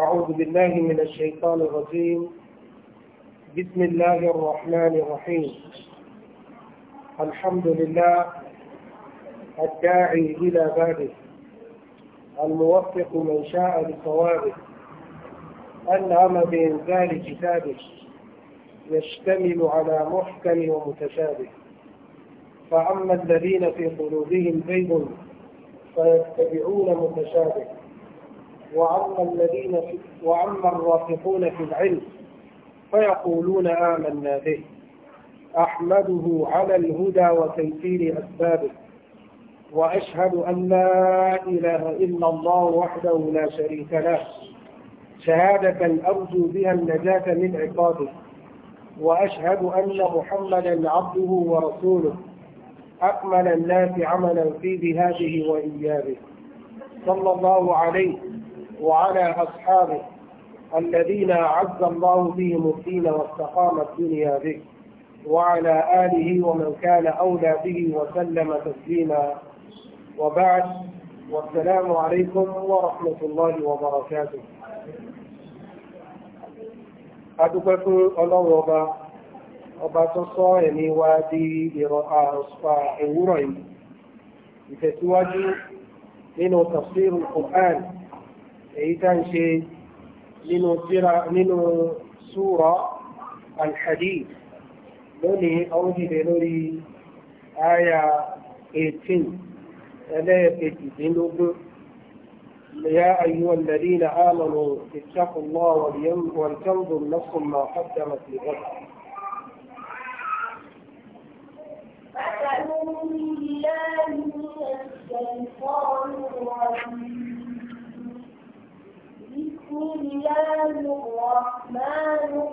أعوذ بالله من الشيطان الرجيم بسم الله الرحمن الرحيم الحمد لله الداعي إلى بابه الموفق من شاء لصوابه أنعم بإنزال كتابه يشتمل على محكم ومتشابه فأما الذين في قلوبهم زيغ فيتبعون متشابه وعم الذين وعم الراسخون في العلم فيقولون آمنا به أحمده على الهدى وتيسير أسبابه وأشهد أن لا إله إلا الله وحده لا شريك له شهادة أرجو بها النجاة من عقابه وأشهد أن محمدا عبده ورسوله أكمل الناس عملا في ذهابه وإيابه صلى الله عليه وعلى أصحابه الذين أعز الله بهم الدين واستقام الدنيا به وعلى آله ومن كان أولى به وسلم تسليما وبعد والسلام عليكم ورحمة الله وبركاته adúpẹ́ الله وبا ọba ọba يعني وادي sọ أصفاء wa di ìrọ̀ àṣà القرآن ايتان شيء منو سورة nínú سورة الحديد لوني alhadid lónìí آية lórí àyà 18 يا أيها الذين آمنوا اتقوا الله ولتنظر نفس ما قدمت لغد أعوذ بالله من الشيطان الرجيم بسم الله الرحمن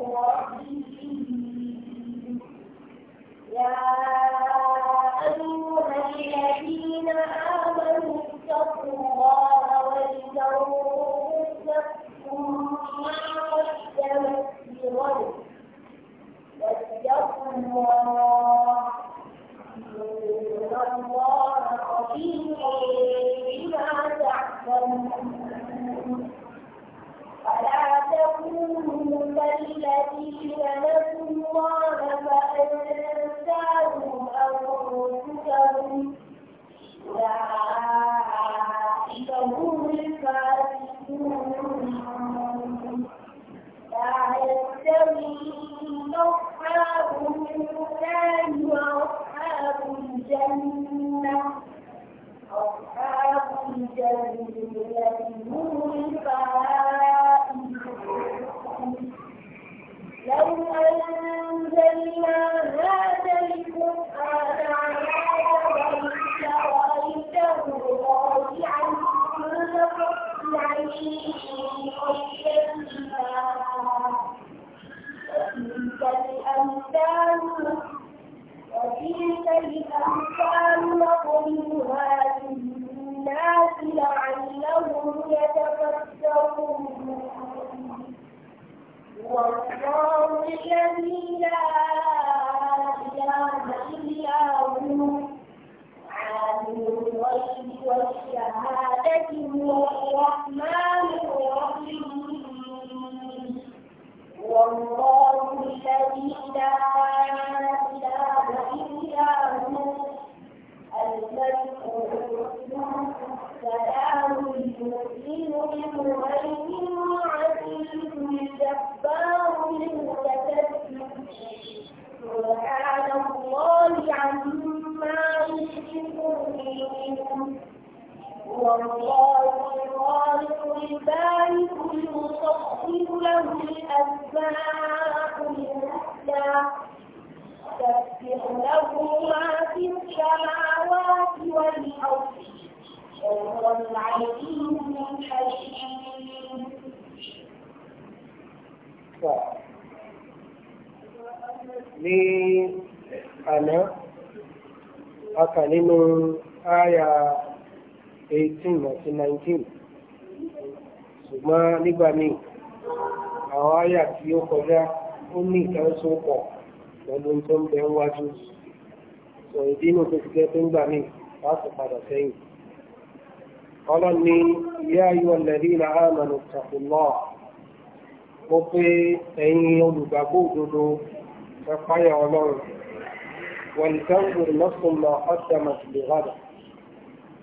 هو الله الخالق البارئ المصور له الأسماء الحسنى تسبح له ما في السماوات والأرض وهو العليم الحكيم ní àná a kà nínú áyà 18 àti 19 ṣùgbọ́n nígbà míì àwọn áyà tí ó kọjá ó ní ìtànsó pọ̀ pẹ̀lú tó ń bẹ wájú sọ ìdí inú tó ti jẹ́ tó ń gbà míì láti padà sẹ́yìn ọlọ́run ni ìyá ayọ̀ lẹ́rí ìlà àmàlù tàkùnlọ́ mo pé ẹ̀yin olùgbàgbọ́ òdodo ẹ páyà ọlọ́run wọ̀nìkan kò lọ́sùn lọ ọ́sẹ̀ màtìlẹ̀ rádà.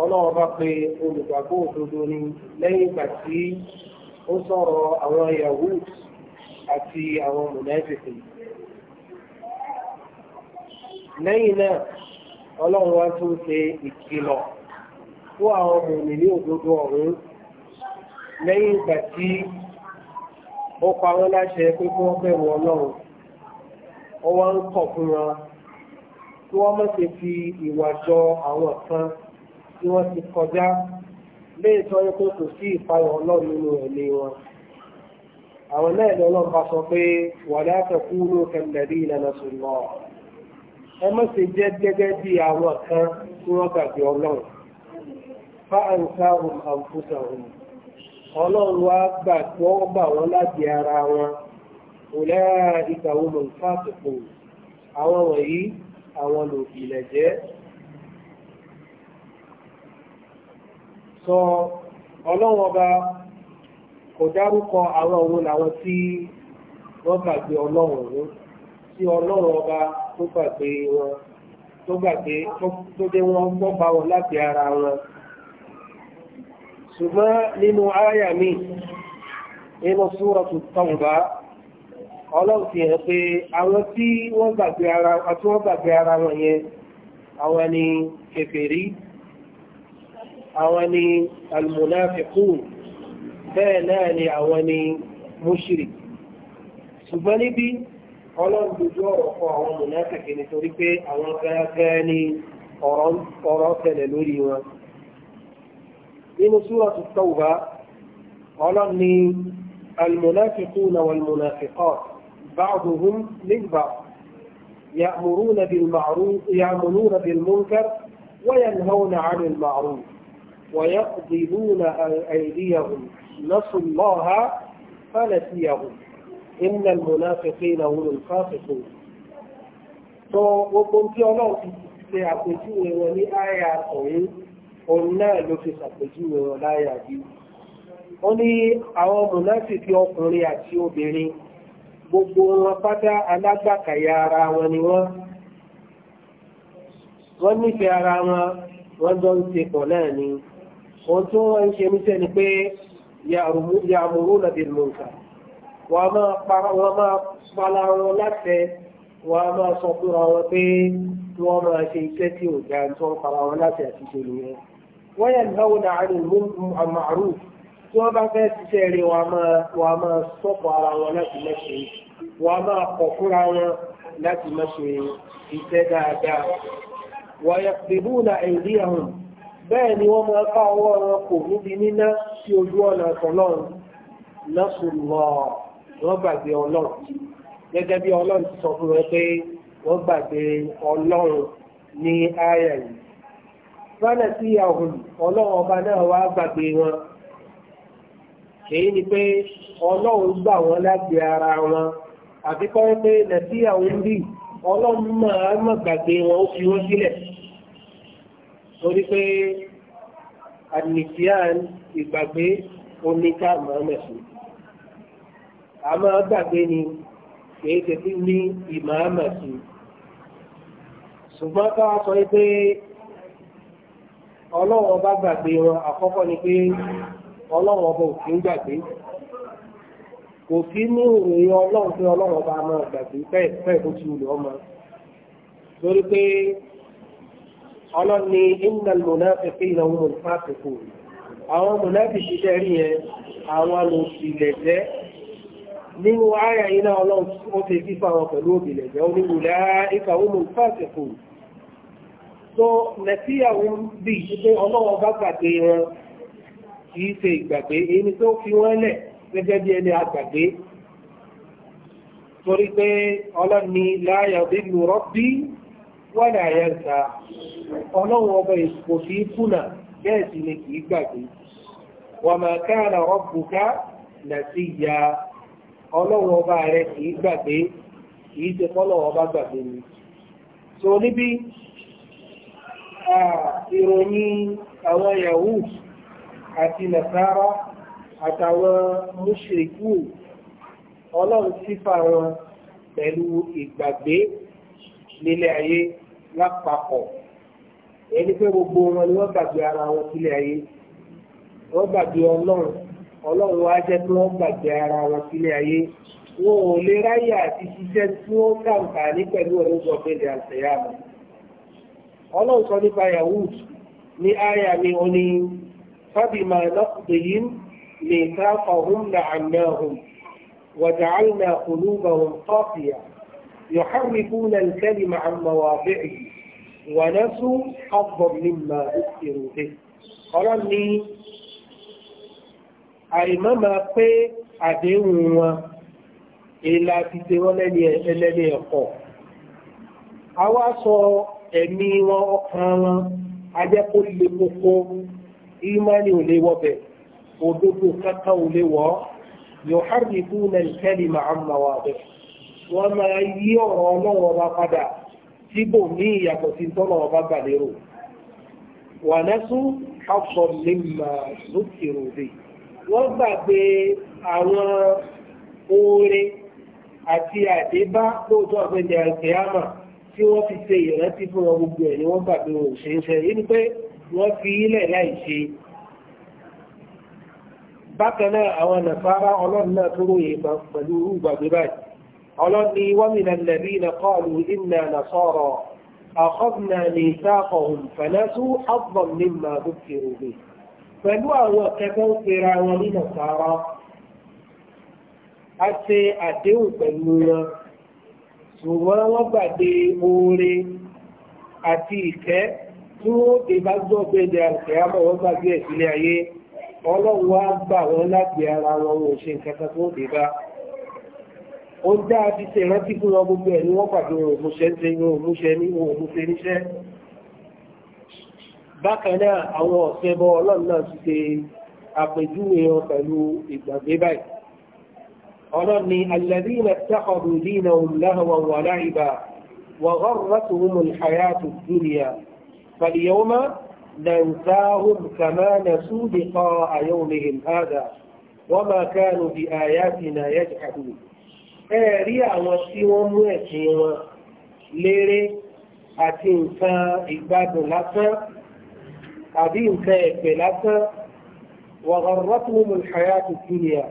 ọlọ́run bá pe olùgbàgbọ́ òdodo ni lẹ́yìn ìgbà tí ó sọ̀rọ̀ àwọn yahoo àti àwọn mùnẹ́fìkì lẹ́yìn náà ọlọ́run wá tún ṣe ìkìlọ̀ fún àwọn mùnìní òdodo ọ̀hún lẹ́yìn ìgbà tí ó pa wọ́n láṣẹ pé kí wọ́n bẹ̀rù ọlọ́run ó wá ń kọ̀ fún wọn kí wọ́n má ṣe fi ìwà jọ àwọn kan tí wọ́n ti kọjá léètọ́ pé kò sí ìpayọ̀ ọlọ́run nínú ẹ̀mí wọn àwọn náà lọ́lọ́ bá sọ pé wàlá takunu kalladina nasullah ẹ má ṣe jẹ́ gẹ́gẹ́ bí àwọn kan tí wọ́n gbàgbé ọlọ́run fa ansahum anfusahum ọlọ́run wá gbà tó gbà wọ́n láti ara wọn àwọn wọ̀nyí àwọn sọ ọlọ́run ọba kò dárúkọ àwọn òun làwọn tí wọ́n gbàgbé ọlọ́run òun tí ọlọ́run ọba tó gbàgbé wọn tó gbàgbé tó dé wọn gbọ́ bá wọn láti ara wọn. ṣùgbọ́n nínú ááyà mi nínú súrọ̀tù bá ọlọ́run fi hàn pé àwọn tí wọ́n àwọn ni almunafiqun bẹ́ẹ̀ náà ni àwọn ni mushrik ṣùgbọ́n níbi ọlọ́run dojú ọ̀rọ̀ fún àwọn munafiki nítorí pé àwọn gẹ́gẹ́ ni ọ̀rọ̀ tẹ̀lẹ̀ lórí wọn nínú súratu Tawba ọlọ́run ni المنافقون والمنافقات بعضهم من بعض يأمرون بالمعروف يأمرون بالمنكر وينهون عن المعروف ويقبلون أيديهم نسوا الله فنسيهم إن المنافقين هم الخاسرون tó gbogbo tí ọlọ́run ti ṣe àpèjúwe wọn ní àyà ọ̀hún òun náà ló fi ṣàpèjúwe wọn láyà bí ó ní àwọn mùnáfìkì ọkùnrin àti obìnrin gbogbo wọn pátá alágbàkàyà ara wọn ni wọn wọn nífẹ̀ẹ́ ara wọn wọn jọ ń ṣe pọ̀ náà ni ohun tí wọ́n ń ṣe níṣẹ́ ni pé ya'muruna bil munkar wọ́n máa pala wọn láṣẹ wọ́n máa sọ fúnra wọn pé kí wọ́n máa ṣe iṣẹ́ tí ò dáa tó ń para wọn láti àtúnṣe nìyẹn. wọ́n yẹn náwó na àrùn màrú tí wọ́n bá fẹ́ ṣiṣẹ́ rí wọ́n máa sọ́kọ̀ ara wọn láti mẹ́ṣe wọ́n máa kọ̀ fúnra wọn láti mẹ́ṣe iṣẹ́ dáadáa. wọ́n yẹ bèbú na ẹ̀rí ẹ̀hùn bẹ́ẹ̀ ni wọ́n máa ká ọwọ́ wọn kò níbi níná sí ojú ọ̀nà ọ̀tọ̀lọ́run lọ́sùnmọ̀ wọ́n gbàgbé ọlọ́run gẹ́gẹ́ bí ọlọ́run ti sọ fún wọn pé wọ́n gbàgbé ọlọ́run ní àyà yìí fánà sí àhùn ọlọ́run ọba náà wá gbàgbé wọn èyí ni pé ọlọ́run gbà wọ́n lágbè ara wọn àfikọ́ pé nàìjíríà ń bì ọlọ́run máa mọ̀ gbàgbé wọn ó fi wọ́n sílẹ̀ torí pé àdìsíàn ìgbàgbé oníkà mọ̀ọ́mẹ̀sùn àmọ́ gbàgbé ni kìí ṣe fi ní ìmọ̀ọ́mẹ̀sùn ṣùgbọ́n ká sọ pé ọlọ́run ọba gbàgbé wọn àkọ́kọ́ ni pé ọlọ́run ọba ò kí ń gbàgbé kò sí ní ìròyìn ọlọ́run pé ọlọ́run ọba máa gbàgbé bẹ́ẹ̀ bẹ́ẹ̀ bó ti wù lọ́mọ torí pé ọlọ́run ni innal munafiqina hum al-fasiqun àwọn mùnáfíkì tẹ́ rí yẹn àwọn olùsìlẹ̀ jẹ́ nínú àyà iná ọlọ́run ó ti fífà wọn pẹ̀lú òbílẹ̀ jẹ́ oníwùlá ìkà hum so nẹ̀síyàwó bí pé ọlọ́run bá gbàgbé wọn kìí ṣe ìgbàgbé ẹni tó fi wọ́n lẹ̀ gẹ́gẹ́ bí ẹni àgbàgbé bí wọ́nà àyẹ̀ǹta ọlọ́run ọba ìsìnkò kì í kùnà bẹ́ẹ̀ sì ni kì í gbàgbé wà máa káàna rabbuka nasiya ọlọ́run ọba rẹ kì í gbàgbé kì í ṣe kọ́lọ́run ọba gbàgbé ni. so níbi ìròyìn àwọn yahoo àti nasara àtàwọn mushriku ọlọ́run sífà wọn pẹ̀lú ìgbàgbé nílé ayé lápapọ̀ ẹni pé gbogbo wọn ni wọ́n gbàgbé ara wọn sílẹ̀ ayé wọ́n gbàgbé ọlọ́run ọlọ́run wa jẹ́ pé wọ́n gbàgbé ara wọn sílẹ̀ ayé wọn ò lè ráyè àti ṣiṣẹ́ tí wọ́n kàǹkà ní pẹ̀lú ọ̀rọ̀ ìjọba àṣẹyà mọ́ ọlọ́run sọ nípa yahood ní àyà mi ò ní fábìmọ̀ lọ́kùnrin lè ká fọ̀hún làánà hùn wọ̀dà àìnà kùlùbà hùn يحرفون الكلم عن مواضعه ونسوا حظا مما ذكروا به ọlọ́run ní àìmọ́ máa pé àdéhùn wọn èlà ti ṣe wọ́n lẹ́ni ẹ̀kọ́ a wá sọ ẹ̀mí wọn ọkàn wọn ajẹ́kó lè kókó ìmánì ò lè wọ́bẹ̀ òdodo kankan ò lè wọ́ yóò hàrìkú nàìjíríà máa ń máa wà bẹ́ẹ̀ wọ́n máa yí ọ̀rọ̀ ọlọ́run ọba padà síbò ní ìyàtọ̀ sí tọ́lọ̀ ọba gbàlérò wà nẹ́sù ọ̀pọ̀ lèmà lókè òde wọ́n gbàgbé àwọn oore àti àdébá lóòótọ́ àgbẹ̀dẹ̀ àgbẹ̀yàmà tí wọ́n fi ṣe ìrántí fún wọn gbogbo ẹ̀ ni wọ́n gbàgbé wọn ò yìí pé wọ́n fi ilẹ̀ láì ṣe bákan náà àwọn nàfàrà ọlọ́run náà tó ròyìn pẹ̀lú ìgbàgbé báyìí ọlọ́ni wọ́mìnà lẹ́bìnà kọlu iná nasọ́rọ̀ àkọ́bìnà ní sáàkọ̀hùn fẹ̀lẹ́sù ọgbọ̀n mímà dúkì òwe pẹ̀lú àwọn kẹfẹ́ ń pera wọn ní nasara a ṣe àdéhùn pẹ̀lú wọn ṣùgbọ́n wọ́n gbàgbé oore àti ìkẹ́ tí wọ́n dé bá gbọ́ gbẹ́dẹ̀ àti àmọ́ wọ́n gbàgbé ẹ̀sílẹ̀ ayé ọlọ́run wá gbà wọn láti ara wọn ò ṣe nǹkan kan tó dé bá ó dá bí ṣe rántí fún wọn gbogbo ẹ̀ ní wọ́n pàdé wọn òmúṣẹ́ ṣe wọn òmúṣẹ́ ní wọn òmúṣẹ́ níṣẹ́ bákan náà àwọn ọ̀sẹ̀ bọ ọlọ́run náà ti ṣe àpèjúwe wọn pẹ̀lú ìgbàgbé báyìí ọlọ́run ni alẹ́bí ilẹ̀ tẹ́kọ̀ọ́dù dínà òǹlẹ́hàwà wà láìbà wà rọ́rùrọ́tù hùmù ìhàyàtù كما نسوا لقاء هذا وما كانوا بآياتنا يجحدون ẹ rí àwọn tí wọ́n mú ẹ̀sìn wọn léré àti nǹkan ìgbádùn lásán àbí nǹkan ẹ̀pẹ̀ lásán wa gharratuhumul hayatud dunya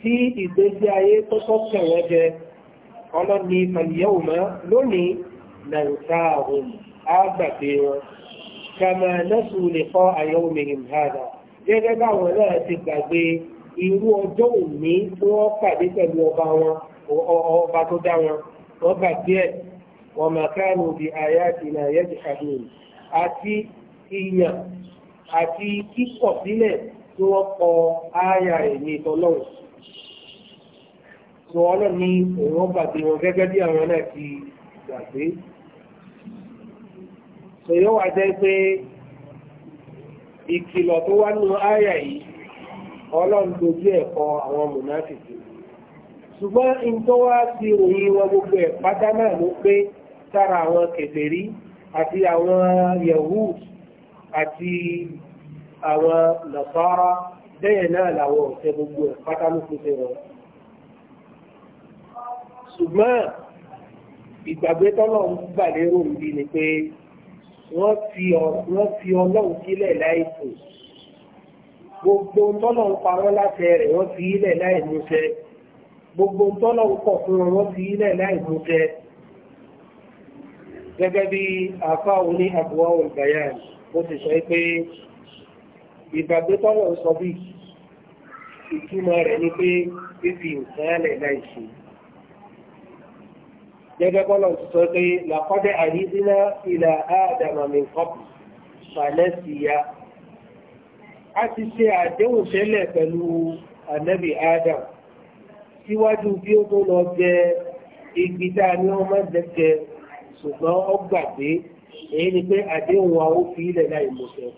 tí ìgbésí ayé tọ́tọ́ tẹ̀wọ́n jẹ ọlọ́ni fal-yawma lónìí nansahum àgbàgbé wọn kama nasu liqa'a yawmihim hadha gẹ́gẹ́ báwọn náà ti gbàgbé irú ọjọ́ òní tí wọ́n pàdé pẹ̀lú ọba wọn ọba tó dá wọn wọ́n gbà díẹ̀ wọ́n máa káàánú bí ayé àti ìlànà yẹ́jì àdúrà àti ìyàn àti kíkọ̀ sílẹ̀ tí wọ́n kọ ááyà ẹ̀mí ìtọ́lọ́run sọ ọlọ́run ní òun gbàgbé wọn gẹ́gẹ́ bí àwọn náà ti gbàgbé sọyọ́ wà jẹ́ pé ìkìlọ̀ tó wá nínú ááyà yìí ọlọ́run dojú ẹ̀kọ́ àwọn mùnáfìkì ṣùgbọ́n in tó wá ti ròyìn wọn gbogbo ẹ̀ pátá náà ló pé sára àwọn kèfèrí àti àwọn yahud àti àwọn nàfárá bẹ́ẹ̀ náà làwọn ọ̀sẹ̀ gbogbo ẹ̀ pátá ló fi ṣe wọn. ṣùgbọ́n ìgbàgbé tọ́lọ̀ ń gbà lérò níbi ni pé wọ́n fi ọlọ́run sílẹ̀ láìpò gbogbo tọ́lọ̀ ń pa wọ́n rẹ̀ wọ́n fi ilẹ̀ láìmúṣẹ gbogbo tọ́lọ̀ ń kọ̀ fún wọn fi ilẹ̀ láì mú jẹ gẹ́gẹ́ bí àfá oní àbúwá olùgbàyà ó ti sọ pé ìgbàgbé tọ́lọ̀ ń sọ bí ìtumọ̀ rẹ̀ ni pé fífi nǹkan alẹ̀ láì ṣe gẹ́gẹ́ bọ́lọ̀ ti sọ pé làkọ́dẹ̀ àrídínà ìlà àdàmàmì kọ́pù fàlẹ́sìyà a ti ṣe àdéhùn ṣẹlẹ̀ pẹ̀lú ànábì Adam síwájú bí ó tó lọ jẹ igi tá a ní wọn máa jẹjẹ ṣùgbọ́n ó gbàgbé èyí ni pé àdéhùn wa ó fi ilẹ̀ láì mọ̀ṣẹ́.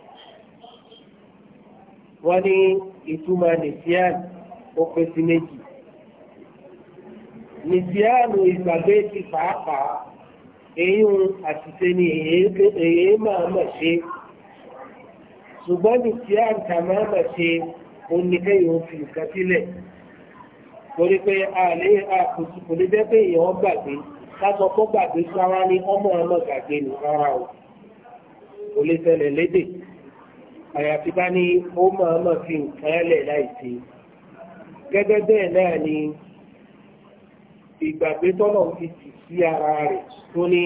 wọ́n ní ìtumọ̀ nìsíàn ó pé sí méjì. nìsíànù ìgbàgbé ti pàápàá èyí ń àṣìṣe ni èyí máa mọ̀ ṣe. ṣùgbọ́n nìsíàn kà máa ṣe òun òfin ìkàsílẹ̀ torí pé àlè kò lè jẹ́ pé èèyàn gbàgbé lásọ kó gbàgbé sára ní ọmọ ọmọ gbàgbé nù rárá o kò lè ṣẹlẹ̀ lédè àyàfi bá ní ó mọ̀ ọmọ fi nǹkan ẹlẹ̀ láìsí gẹ́gẹ́ bẹ́ẹ̀ náà ni ìgbàgbé tọ́lọ̀ ti tì sí ara rẹ̀ tó ní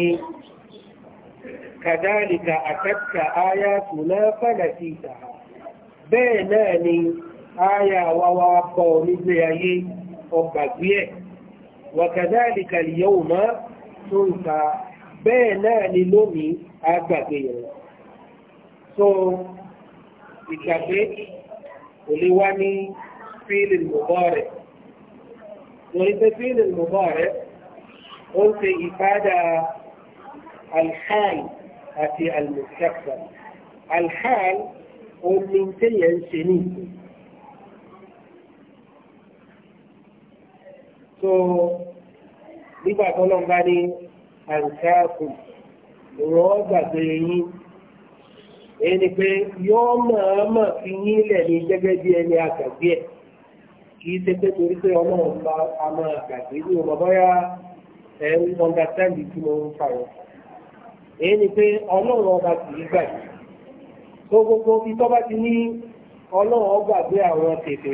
kàdáàlìkà àtẹ́kà áyá tù náà fàdà sí ìtà bẹ́ẹ̀ náà ni áyà wáwá bọ̀ nígbé ayé ọgbàgbé ẹ̀ wàkàdáàlìkà lìyàwó máa tó nǹka bẹ́ẹ̀ náà ni lónìí àgbàgbé yẹn so ìgbàgbé kò lè wá ní fíìlì mọ̀bọ́ọ̀rẹ̀ torí pé fíìlì mọ̀bọ́ọ̀rẹ̀ ó ń ṣe ìfádà alhal àti almustaqbal alhal ó ní téèyàn ń ṣe ní ìsìn so nígbà tó lọ́n bá ní àǹkáàkù wọ́n gbàgbé yín ẹni pé máa fi yín lẹ̀ ní gẹ́gẹ́ bí ẹni a máa gbàgbé ní ọmọ bọ́yá ẹ̀ ń ọ̀ndàtàndì tí mo ń fa wọn. ẹni pé ọlọ́run ọba kì í gbàgbé tó gbogbo ibi tó bá ti ní ọlọ́run ọgbàgbé àwọn tètè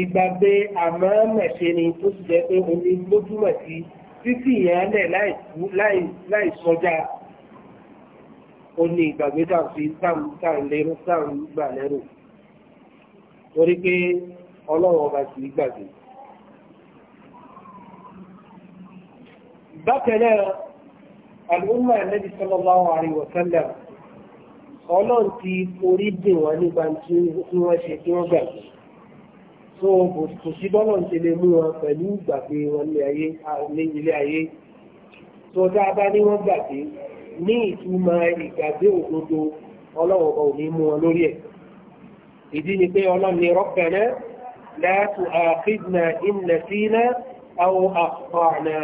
ìgbàgbé àmọ́ mẹ̀ṣe ni tó ti jẹ́ pé omi lójúmọ̀ sí títí ìyẹn lẹ̀ láì sọjá ó ní ìgbàgbé tàbí tàǹlérò tàǹgbà lẹ́rù torí pé ọlọ́run ọba sì gbàgbé. bákan náà àlùmọ́ àlẹ́bí sallallahu alaihi wa sallam ọlọ́run ti forí dè nígbà tí wọ́n ṣe kí wọ́n gbàgbé so kò sí bọ́lọ̀ ń ṣe lè mú wọn pẹ̀lú ìgbàgbé wọn ní ilé ayé tó dáadáa ní wọ́n gbàgbé ní ìtumọ̀ ìgbàgbé òdodo ọlọ́run ò ní mú wọn lórí ẹ̀ ìdí ni pé ọlọ́run ni rabbana la tu'akhidhna in nasina aw akhta'na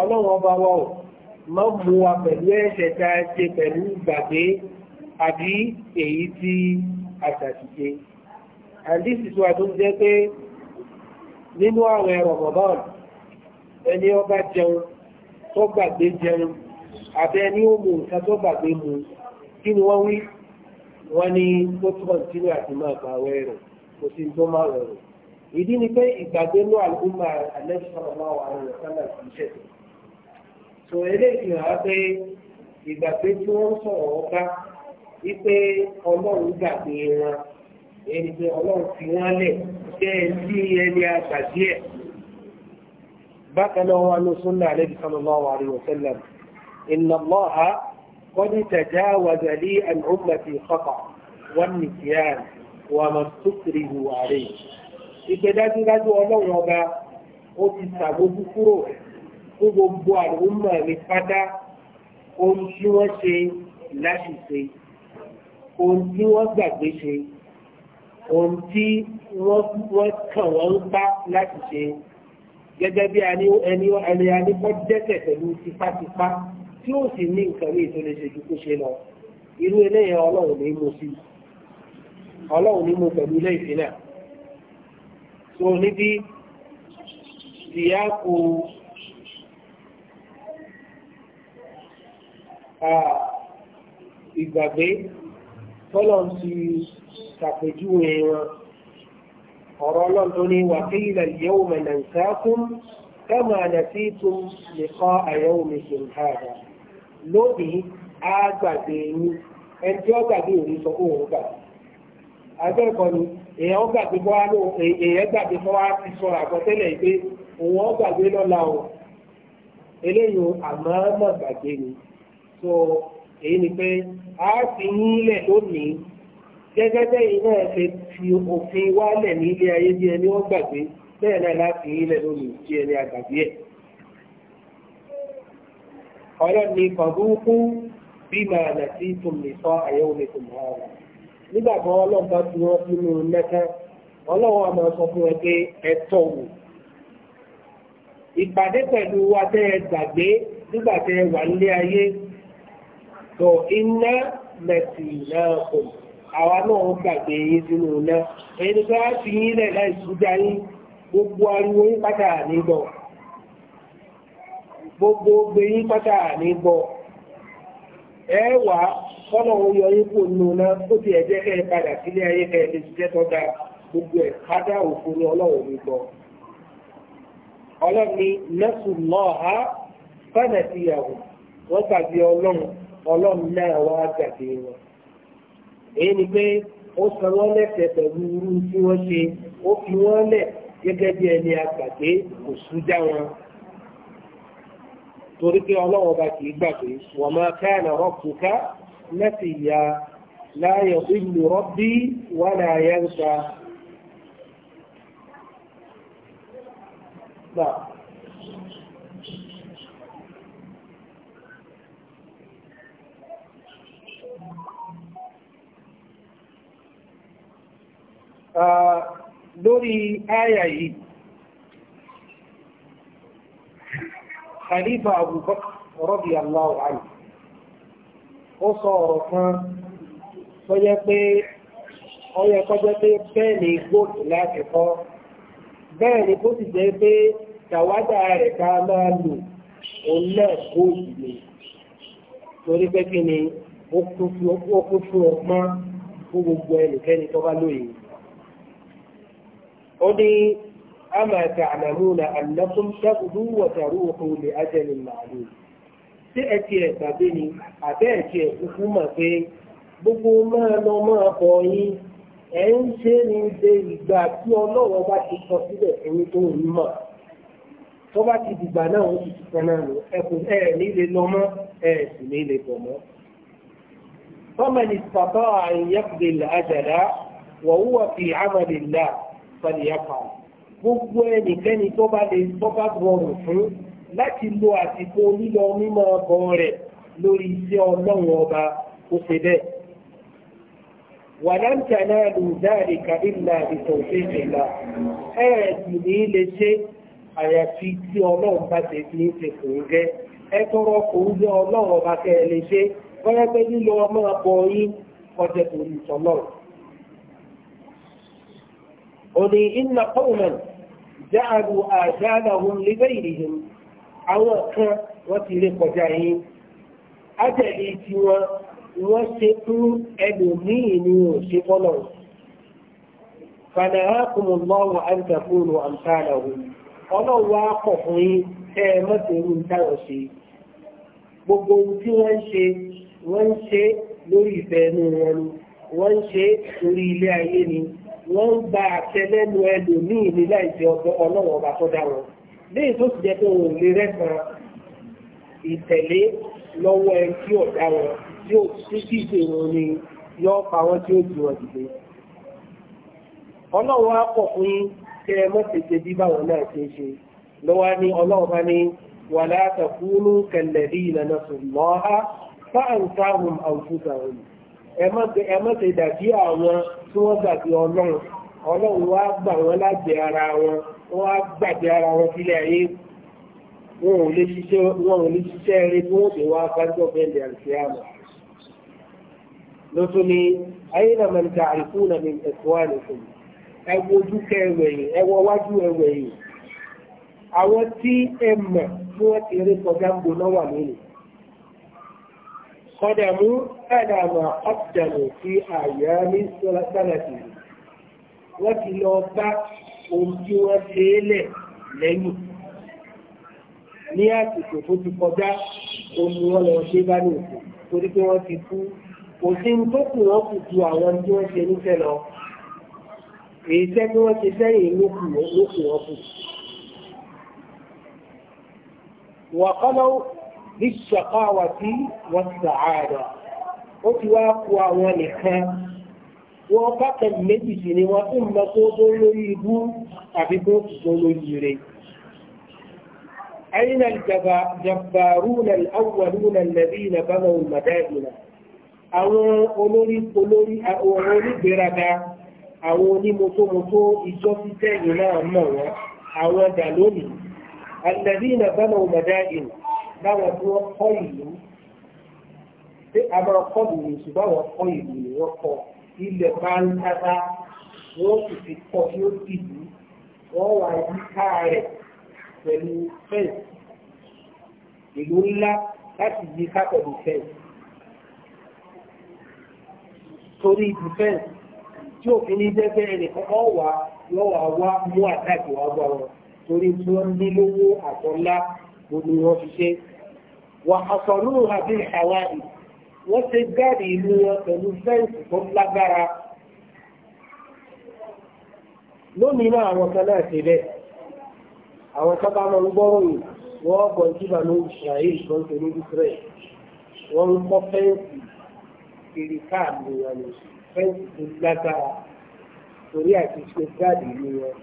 ọlọ́run ọba wa ò má mú wa pẹ̀lú ẹ̀ṣẹ̀ tá a ṣe pẹ̀lú ìgbàgbé àbí èyí tí a ṣàṣìṣe and this is why tó ń jẹ́ pé nínú àwẹ̀ Ramadan ẹni ọba jẹun tó gbàgbé jẹun àbẹ́ ẹni ó mú nǹkan tó gbàgbé mu kí ni wọ́n wí wọ́n ní ó túbọ̀ sínú àti máa gba àwẹ̀ rẹ̀ kò sí tó máa rẹ̀ rẹ̀ ìdí ni pé ìgbàgbé ló àlùmọ àlẹ́sọ̀rọ̀ máa wà ní ìsánà ìṣẹ̀ so eléyìí hàn pé ìgbàgbé tí wọ́n ẹni pé ọlọ́run fi wọ́n lẹ̀ jẹ́ sí ẹni àgbàdí ẹ̀ bákan náà wà ló súnà àlẹ́bí sallallahu alaihi wa sallam inna Allaha qad tajawaza li an ummati khata wan nisyan wa mastukrihu alayhi ìgbẹ́dájúdájú ọlọ́run ọba ó ti sàgbójú kúrò fún gbogbo àdúgbò mi pátá ohun tí wọ́n ṣe láti ṣe ohun tí wọ́n gbàgbé ṣe ohun tí wọ́n kàn wọ́n ń bá láti ṣe gẹ́gẹ́ bí ẹni anípọ́ dẹ́ṣẹ̀ pẹ̀lú tipátipá tí ó sì ní nǹkan ní ìtọ́lẹ̀ ṣe ju kó ṣe lọ irú eléyẹn ọlọ́run ní mo sí ọlọ́run ní mo pẹ̀lú ilé ìfínà tó níbi ìyá kò ìgbàgbé tọ́lọ́ ti ṣàpèjúwe wọn ọ̀rọ̀ ọlọ́run tó ní waqila al-yawma nansakum kama nasitum liqa'a yawmikum hadha lónìí á gbàgbé yín ẹni tí ó gbàgbé òní sọ pé òun gbàgbé agbẹ́kọ̀ ni èèyàn gbàgbé bọ́ wá èèyàn gbàgbé bọ́ wá ti sọ àkọsílẹ̀ pé òun ó gbàgbé lọ́la o eléyìí àmọ́ mọ̀ gbàgbé ni so èyí ni pé a fi yín lẹ̀ lónìí gẹ́gẹ́ bẹ́yìn náà ṣe fi òfin wálẹ̀ ní ilé ayé bí ẹni wọ́n gbàgbé bẹ́ẹ̀ náà láti ilẹ̀ lórí tí ẹni àgbàgbé ẹ̀. ọlọ́run ni kọ̀ọ̀bùkú bí màá nà sí tòmì sọ àyẹ̀wò ní tòmì ọ̀rọ̀. nígbà kan ọlọ́run bá ti wọ́n sínú mẹ́ta ọlọ́run a máa sọ fún ẹ pé ẹ tọ̀ wò. ìpàdé pẹ̀lú wa tẹ́ ẹ gbàgbé nígbà tẹ́ ẹ wà nílé ayé. tó iná mẹ̀sì náà kò mọ̀. awa náà gbàgbé yín sínú iná èyí ni bá fi láì gbogbo ariwo níbọ̀ gbogbo ogbe yín pátá níbọ̀ ẹwà wà yọ oyọ nù náà ó ti ẹ̀jẹ̀ kẹ́ ẹ padà sílé ayé kẹ́ ẹ gbogbo ẹ̀ pátá òfin ọlọ́run mi bọ̀ ọlọ́run ni náà á ìyàwó wọ́n ọlọ́run èyí ni pé ó san wọ́n lẹ́sẹ̀ pẹ̀lú irú tí wọ́n ṣe ó fi wọ́n lẹ̀ gẹ́gẹ́ bí ẹni àgbàgbé kò sújá wọn torí pé ọlọ́wọ́ bá kì í gbàgbé wọ́n máa ká ẹ̀nà rọ́pùká láti ìyá láàyè ìlú rọ́bí wà láàyè ń sa. Ah, lórí àyà yìí khalifa abubakar radiyallahu anhu ó sọ ọ̀rọ̀ kan tó jẹ́ pé ọyẹ kọjọ́ pé bẹ́ẹ̀ ni gbòòtù láti kọ́ bẹ́ẹ̀ ni kó sì jẹ́ pé tàwádà rẹ̀ ká máa lò òun náà ni torí pé kí ni ó kún fún ọgbọ́n fún gbogbo ẹnikẹ́ni tó bá ó ní ama ta'lamuna annakum taqdu wa taruhu li ajalin ma'lum tí ẹ ti ẹ̀ gbàgbé ni àbẹ́ ẹ̀ ti ẹ̀ kúkú mà pé gbogbo máa lọ máa bọ̀ yín ẹ̀ ń ṣe ní de ìgbà tí ọlọ́wọ́ bá ti sọ sílẹ̀ ẹni tó ń mọ̀ tó bá ti dìgbà náà ó ti tìkan náà lò ẹkùn ẹ nílé lọ mọ́ ẹ sì nílé bọ̀ mọ́. fọ́mọ̀nì pàtó àyẹ̀kùnrin àjàdá wọ̀húwọ̀ fi àmàlè là fàníyàpá gbogbo ẹnikẹ́ni tó bá lè tó bá rọrùn fún láti lo àsìkò lílọ mímọ́ ọkọ rẹ̀ lórí iṣẹ́ ọlọ́run ọba kó ṣe bẹ́ẹ̀. ولن تنالوا ذلك إلا بتوفيق الله ẹ̀ẹ̀dì ní lè ṣe àyàfi tí ọlọ́run bá ṣe fi ń ṣe kòógẹ́ ẹ tọrọ kòógẹ́ ọlọ́run bá kẹ́ ẹ lè ṣe bọ́yá lílọ ọmọ ọkọ̀ yín ọjọ́ torí ìtọ́lọ́run òní iná kọ́ùnàn jáàrù àjáàdáhùn lébẹ́ ìrìhìn àwọn kan wọ́n ti lè kọjá yín ájẹ̀lì tí wọ́n wọ́n ṣe fún ẹlòmíì ni ò ṣe fọ́nà fàdáhàkùnmù lọ́wọ́ àǹtàkùnù àǹtàdáhùn ọlọ́wọ́ akọ̀ fún yín tẹ́ ẹ mọ́tẹ̀ẹ́rù ń táwọn ṣe gbogbo tí wọ́n ṣe wọ́n ṣe lórí ìfẹ́ inú wọn wọ́n ṣe lórí ilé ayé ni wọ́n ń gba àṣẹ lẹ́nu ẹlòmíì ní láìsí ọgbọ́n ọlọ́wọ́ ọba tó dá wọn léyìí tó sì jẹ́ pé òun lè rẹ́sàn ìtẹ̀lé lọ́wọ́ ẹ tí ò wọn tí ó sì sì ṣe ni yọ pa wọn tí ó jù wọn dìde. ọlọ́wọ́ á pọ̀ fún kẹ́ ẹ mọ́ tètè bí báwọn náà ṣe ṣe lọ́wọ́ ní ọlọ́wọ́ ní wàlá takunu kalladina nasullah fa'ansahum anfusahum ẹ má ṣe dàbí àwọn tí wọ́n gbàgbé ọlọ́run ọlọ́run wá gbà wọ́n lájẹ ara wọn wọ́n á gbàgbé ara wọn sílẹ̀ ayé wọn ò lè ṣiṣẹ́ eré tí wọ́n ti wá fájọ́ bẹ́ẹ̀lì àti àmà lọ́tún ni ayé náà máa ń ta àìkú náà ní ẹ̀kọ́ àlùfẹ́ ẹ wo ojú kẹwẹ̀yìn ẹ wọ wájú ẹwẹ̀yìn àwọn tí ẹ mọ̀ tí wọ́n ti rí kọjá ń gbóná wà lónìí قدموا على ما قدموا في أيام سنته وكلوا أمجوا سيلة لن ní àsìkò tó ti kọjá omi wọn lọ ṣe bá ní òkú torí pé wọ́n ti kú kò sí ní tó kù wọ́n kù ju àwọn tí wọ́n ṣe níṣẹ́ lọ èyí tẹ́ tí wọ́n ṣe sẹ́yìn ló kù wọ́n kù. wàkọ́lọ́wọ́ ní ṣàkáwà tí wọ́n sàárà ó ti wá kú àwọn nìkan wọ́n bákan méjì sí ni wọ́n tún lọ tó tó lórí ibú àbí tó tó lórí rẹ̀ أين الجبارون الأولون الذين بنوا المدائن àwọn olórí olórí àwọn onígbéraga àwọn onímọ́tòmọ́tò ìjọ títẹ̀yìn náà mọ̀ wọ́n àwọn dà lónìí الذين بنوا مدائن láwọn tí wọ́n kọ́ ìlú pé a máa kọ́ ìlú ṣùgbọ́n àwọn kọ́ ìlú ni wọ́n kọ́ ilẹ̀ máa ń dára wọ́n sì fi kọ́ tí ó dì í wọ́n wà yíká rẹ̀ pẹ̀lú fẹ́ǹsì ìlú ńlá láti yíká pẹ̀lú fẹ́ǹsì torí dìfẹ́ǹsì tí òfin ní jẹ́gbẹ́ ẹnìkan kan wà lọ́wọ́ àwa mú àtàkì wá bá wọn torí tí wọ́n ní lówó àtọ́lá ni wọ́n fi ṣe wà àsọ̀rọ̀ àbí àwárí wọ́n ṣe gáàdì ìlú wọn pẹ̀lú fẹ́ǹsì tó lágbára lónìí náà àwọn kan náà ṣe bẹ́ẹ̀ àwọn kan bá máa ń gbọ́rọ̀ yìí wọ́n bọ̀ ìjìbà ló ìṣàyè ìṣọ́n tó ní Israel wọ́n ń kọ́ fẹ́ǹsì kiri káàmù wọn fẹ́ǹsì tó lágbára torí àti ṣe gáàdì ìlú wọn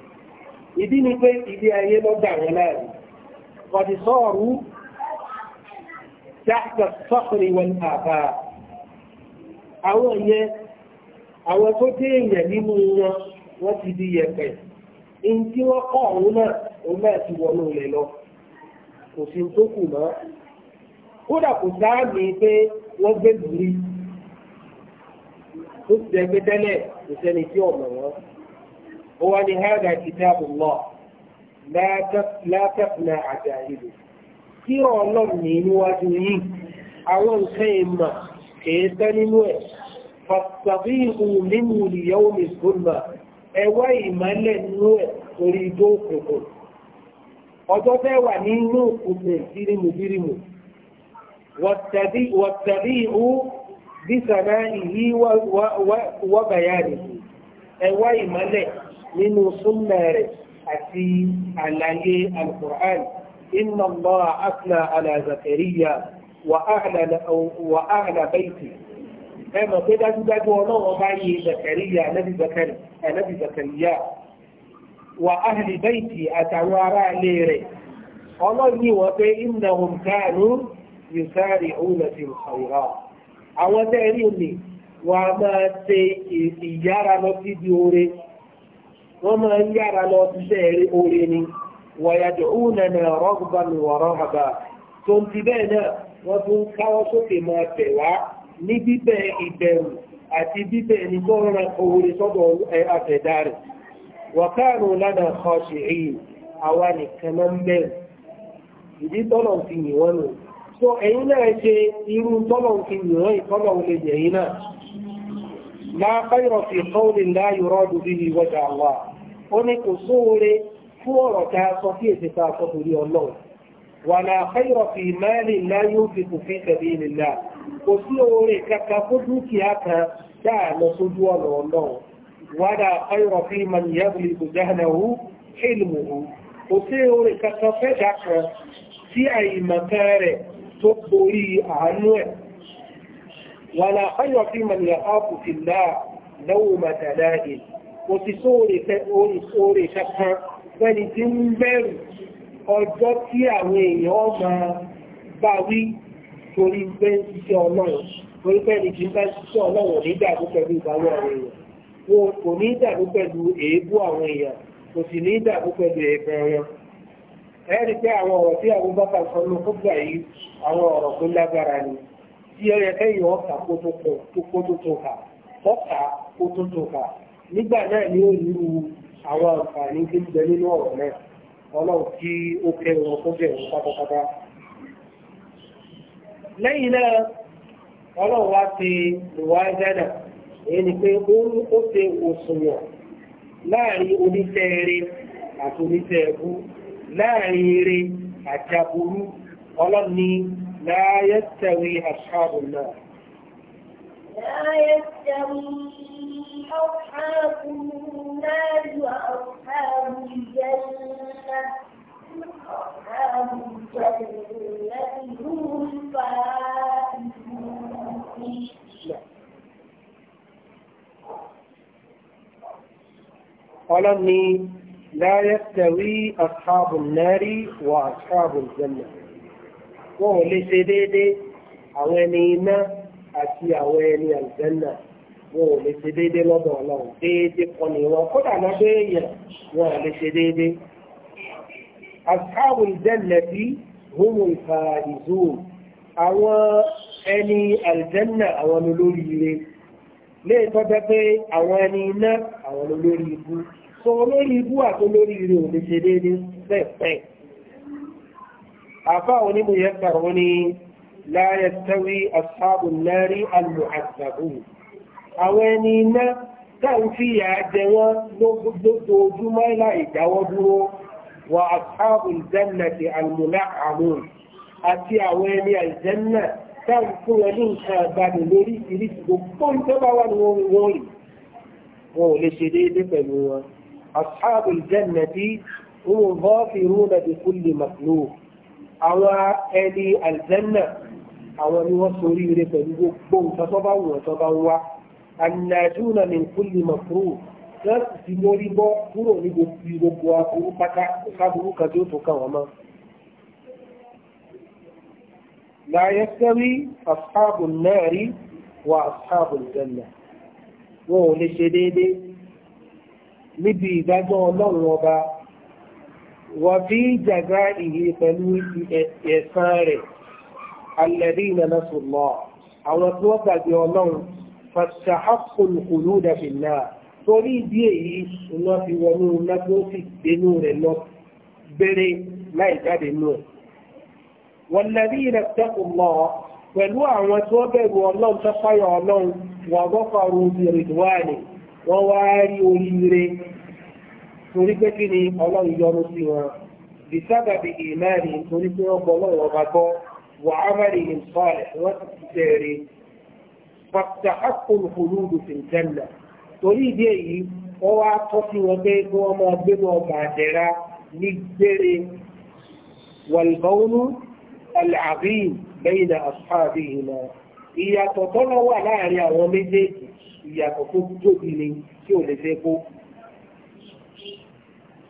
ìdí ni pé ìdí ayé lọ́gbà wọn láàrin قد صاروا تحت الصقر والآفاق àwọn yẹn àwọn tó dé èèyàn nínú wọn wọ́n ti di látẹ̀kùnà àjàìlú tí ọlọ́run ní níwájú yìí àwọn ìmọ̀ nínú ẹ̀ fàtàbí ìhùn nínú ìyàwó mi ẹwà ìmọ̀lẹ̀ nínú ẹ̀ torí ijó òkùnkùn ọjọ́ fẹ́ wà nínú òkùnkùn bírímù bírímù wàtàbí ìhùn bí sànà wọ́bàyà rẹ̀ ẹwà ìmọ̀lẹ̀ nínú rẹ̀ àti àlàyé al-Qur'an inna Allah afla ala Zakariya wa ahla baiti ẹ mọ̀ pé dájúdájú ọlọ́wọ́ bá yẹ Zakariya anábì Zakariya wa ahli baiti àtàwọn ará ilé rẹ̀ ọlọ́run ní wọ́n pé innahum kanu yusari'una fil khayrat àwọn tẹ́ẹ̀rí ni wọ́n máa ṣe ìyára lọ sí ibi oore wọ́n máa ń yára lọ ṣiṣẹ́ eré oore ni wọ̀yàjọ̀ òunànà rọ́gbàmì wọ̀rọ̀ àbá tó ń ti bẹ́ẹ̀ náà wọ́n tún káwọ́ sókè máa tẹ̀ wá ní bíbẹ̀ ìbẹ̀rù àti bíbẹ̀ ní gọ́ọ̀rọ̀ oore sọ́dọ̀ máa kọ́yọ̀ fi kọ́ọ̀lì la yuradu bihi wajha Allah ó ní kò sóore fún ọ̀rọ̀ tá a sọ sí èsì tá a sọ torí ọlọ́run wà náà kọ́yọ̀ fi mali la yunfiqu fi sabilillah kò sí oore kankan fún dúkìá kan tá lọ sójú ọ̀nà ọlọ́run wà náà kọ́yọ̀ fi man yaghlibu jahlahu ilmuhu kò sí oore ولا خير في من يخاف في الله لومة لائم وتسوري تقول سوري شكا فلتنبر ọjọ́ tí àwọn èèyàn máa bá wí torí pé ń ṣiṣẹ́ ọlọ́run torí pé ní jíńbá ṣiṣẹ́ ọlọ́run ní dàbí pẹ̀lú ìbáwọ̀ àwọn èèyàn wọn kò ní dàbí pẹ̀lú èébú àwọn pé àwọn ọ̀rọ̀ tí àwọn bá kà ló kó gbà yìí àwọn ọ̀rọ̀ tó lágbára ni. tí ó yẹ kẹ́yìn ọ̀kà kó tó ọ̀kà kó nígbà náà ni ó nílùú àwọn àǹfààní tí ń bẹ nínú ọ̀rọ̀ náà ọlọ́run tí ó kẹ́ wọn tó pátápátá. lẹ́yìn náà ọlọ́run wá ti lùwá gánà èyí ni pé ó ṣe òṣùwọ̀n láàrin لا يستوي أصحاب النار لا يستوي أصحاب النار وأصحاب الجنة أصحاب الجنة هم الفائزون قال لا يستوي أصحاب النار وأصحاب الجنة wọn ò lè ṣe déédéé àwọn ẹni iná àti àwọn ẹni àlùjànnà wọn ò lè ṣe déédéé lọ́dọ̀ ọlọ́run déédéé kọ́ ni wọn kódà lọ́dọ̀ èèyàn wọn ò lè ṣe déédéé. ashabul jannati humul faizun àwọn ẹni àlùjànnà àwọn olórí ire lè tọ́jọ́ pé àwọn ẹni iná àwọn olórí ibú sọ olórí àti olórí ò lè ṣe déédéé bẹ́ẹ̀ bẹ́ẹ̀ àfáà onímọ̀ yẹ kàrọ̀ ní la yastawi ashabu nari al-mu'azzabun àwọn ẹni iná táǹfìyà jẹ wọn lójoojúmọ́ láì dáwọ́ dúró wa ashabu al-jannati al-mula'amun àti àwọn ẹni àìjẹ́nà táwọn fún wọn ní nǹkan àgbàdo lórí ìrísí gbogbo ń tẹ́ bá wà ní wọn wọ́n yìí wọn ò lè ṣe déédé pẹ̀lú wọn. ashabu al-jannati hum ghafiruna bi kulli makhluq àwọn ẹni aljanna àwọn ni wọ́n sorí ire pẹ̀lú gbogbo nǹkan tó bá wù ọ́ tó bá ń wá annajuna min kulli makru wọ́n sì ti mórí bọ́ kúrò ní gbogbo aburú pátá káburú kan tí ó tó kàn wọ́n mọ́. la yastawi ashabun nari wa ashabul janna wọn ò lè ṣe déédéé níbi ìdájọ́ ọlọ́run ọba wàbí jàgá ìhì pẹ̀lú ẹ̀sán rẹ̀ alẹ́rí ìlànà sùnmọ́ àwọn tí wọ́n gbàgbé ọlọ́run fàṣàhàkùn kùlú dàbìnà torí ìdí èyí iná fi wọnú lágbó sì dénú rẹ̀ lọ bẹ̀rẹ̀ láì jáde nù wọ́n lẹ́rí ìlànà sẹ́kùn pẹ̀lú àwọn tí wọ́n bẹ̀rù ọlọ́run tó fáyọ̀ ọlọ́run wà gọ́fà rúbìrì wáàlì wọ́n wá rí oríire torí pé kí ni ọlọ́run yọ́nú sí wọn bí sábàbí ìmáàrí torí pé wọ́n gbọ́ lọ́wọ́ ọba gbọ́ wà á mẹ́rin ní sọ́ọ̀lẹ̀ wọ́n ti ti bẹ̀rẹ̀ pàtàkì àkùnrin olóògùn sí jẹ́nà torí ìdí èyí wọ́n wá tọ́ sí wọn pé kí wọ́n máa gbé wọn ọgbà àdẹ́ra ní gbére wàlbọ́nú àlàáfíì lẹ́yìn àṣàbíyìn náà ìyàtọ̀ tọ́lọ́ láàárín àwọn méjèèjì ìyàtọ̀ tó tóbi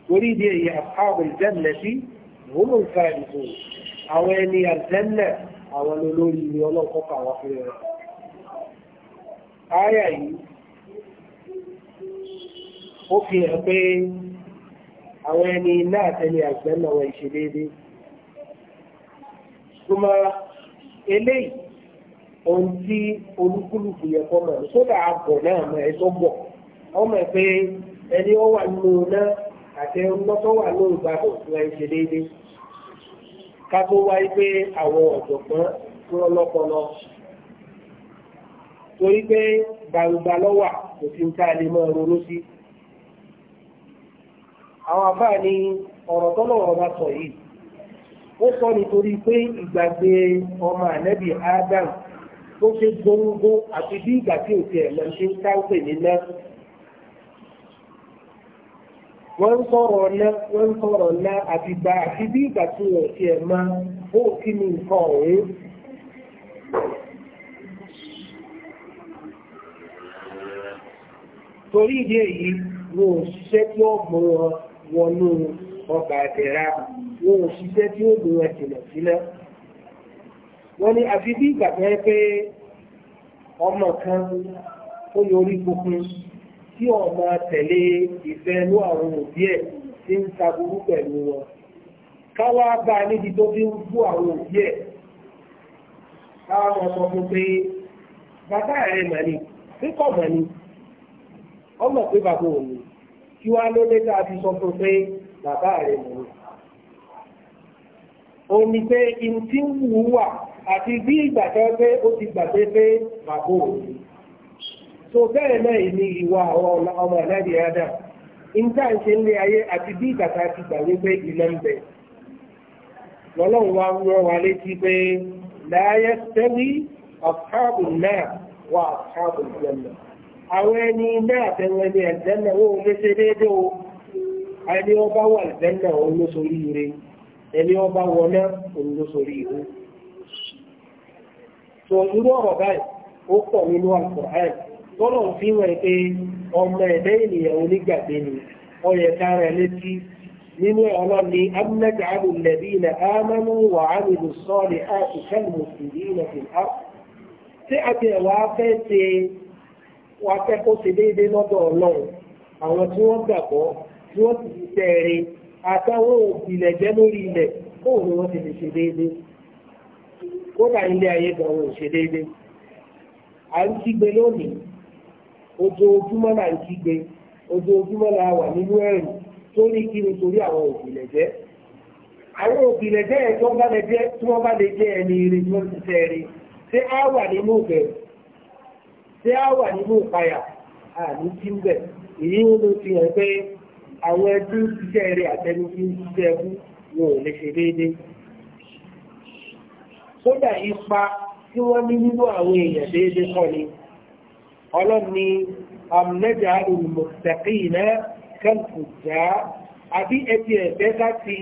torí di èyí àpáàbò ìjẹ́lẹ̀ sí òun ò fa ìbò àwọn ẹni àjẹ́lẹ̀ àwọn olórí ni ọlọ́kọ́ kà wá fún wọn. Áyà yìí ó fi hàn pé àwọn ẹni iná àtẹni àjẹ́lẹ̀ wọn ìṣe déédé. Súnmọ́ eléyìí ohun tí olúkúlùkù yẹ kọ́ mọ̀ sódà àbọ̀ náà mọ̀ ẹ́ tó bọ̀ ọmọ ẹ̀ pé ẹni ó wà nínú náà àti ẹrúgbọ́ tó wà lóògbà tó fi wáyé ṣe déédéé ká tó wáyé pé àwọn ọ̀jọ̀gbọ́n tó lọ́pọlọ torí pé gbàrúgbà lọ́wà kò sí ń ká lè máa ronú sí. àwọn àbá ni ọ̀rọ̀ tọ́lọ̀ ọba sọ yìí ó sọ nítorí pé ìgbàgbé ọmọ ànẹ́bì Ádámù tó ṣe gbóngbó àti bí ìgbà tí òkè ẹ̀ lọ ṣe ń ká pè wọ́n ń sọ̀rọ̀ ọ̀lẹ́ wọ́n ń sọ̀rọ̀ ọ̀lẹ́ àtìgbà àti bí ìgbà tí wọ́n ti ẹ̀ máa ó kí ni nǹkan ọ̀hún. torí ìdí èyí wọn ò ṣiṣẹ́ tí ó mú wọn wọnú ọgbà àtẹ̀rà wọn ò ṣiṣẹ́ tí ó mú wọn jìnà sílẹ̀. wọ́n ní àfi bí ìgbà tó yẹ pé ọmọ kan ó yọrí gbogbo tí ọmọ tẹ̀lé ìfẹ́ inú àwọn òbí ẹ̀ tí ń taburú pẹ̀lú wọn káwá bá níbi tó fi ń bú àwọn òbí ẹ̀ káwá mọ̀ sọ fún pé bàbá rẹ̀ mà ní kíkọ̀ mà ní ọmọ pé bàbá òun kí wá ló dé tá a fi sọ fún pé bàbá rẹ̀ mà ní. ó ní pé ìtí ń wù wà àti bí ìgbà tó pé ó ti gbàgbé pé bàbá òun so bẹ́ẹ̀ náà ni ìwà ọmọ ànábì Adam nígbà ń ṣe nílé ayé àti bí ìgbàta ti gbà wípé iná ń bẹ lọ́lọ́run wa na wa létí pé láyé sẹ́wí ọ̀káàbù náà wà ọ̀káàbù ìjọba àwọn ẹni náà tẹ̀wọ̀n ní ẹ̀jẹ̀nà ó lé ṣe déédé o ẹni ẹ̀jẹ̀nà ló ire ẹni ọba ló ire. sọ irú ọ̀rọ̀ báyìí ó pọ̀ nínú tọ́lọ̀ fi wẹ̀ pé ọmọ ẹ̀dẹ́ ènìyàn onígbàgbé ni ó rẹ̀ létí nínú ni amúnájà alùlẹ̀bí ilẹ̀ ámánú wà ámìlú sọ́ọ̀lì àti a kódà ilé ayé a ń ojoojúmọ́ là ń kígbe ojoojúmọ́ là wà nínú ẹ̀rù torí kí ni torí àwọn òbílẹ̀ jẹ́ àwọn òbílẹ̀ jẹ́ ẹ̀ tí wọ́n bá lè jẹ́ ẹni ire tí wọ́n ti fẹ́ rí ṣé á wà nínú ṣé á wà nínú ìpayà àní tí ń bẹ̀ èyí ń lo fi hàn pé àwọn ẹbí ń ṣiṣẹ́ àtẹnu ń ṣiṣẹ́ tí wọ́n ní nínú ọlọ́ni amúnẹ́jà olùmọ̀tẹ́kì iná kẹ́ǹkù já àbí ẹtì ẹ̀fẹ́ ká ti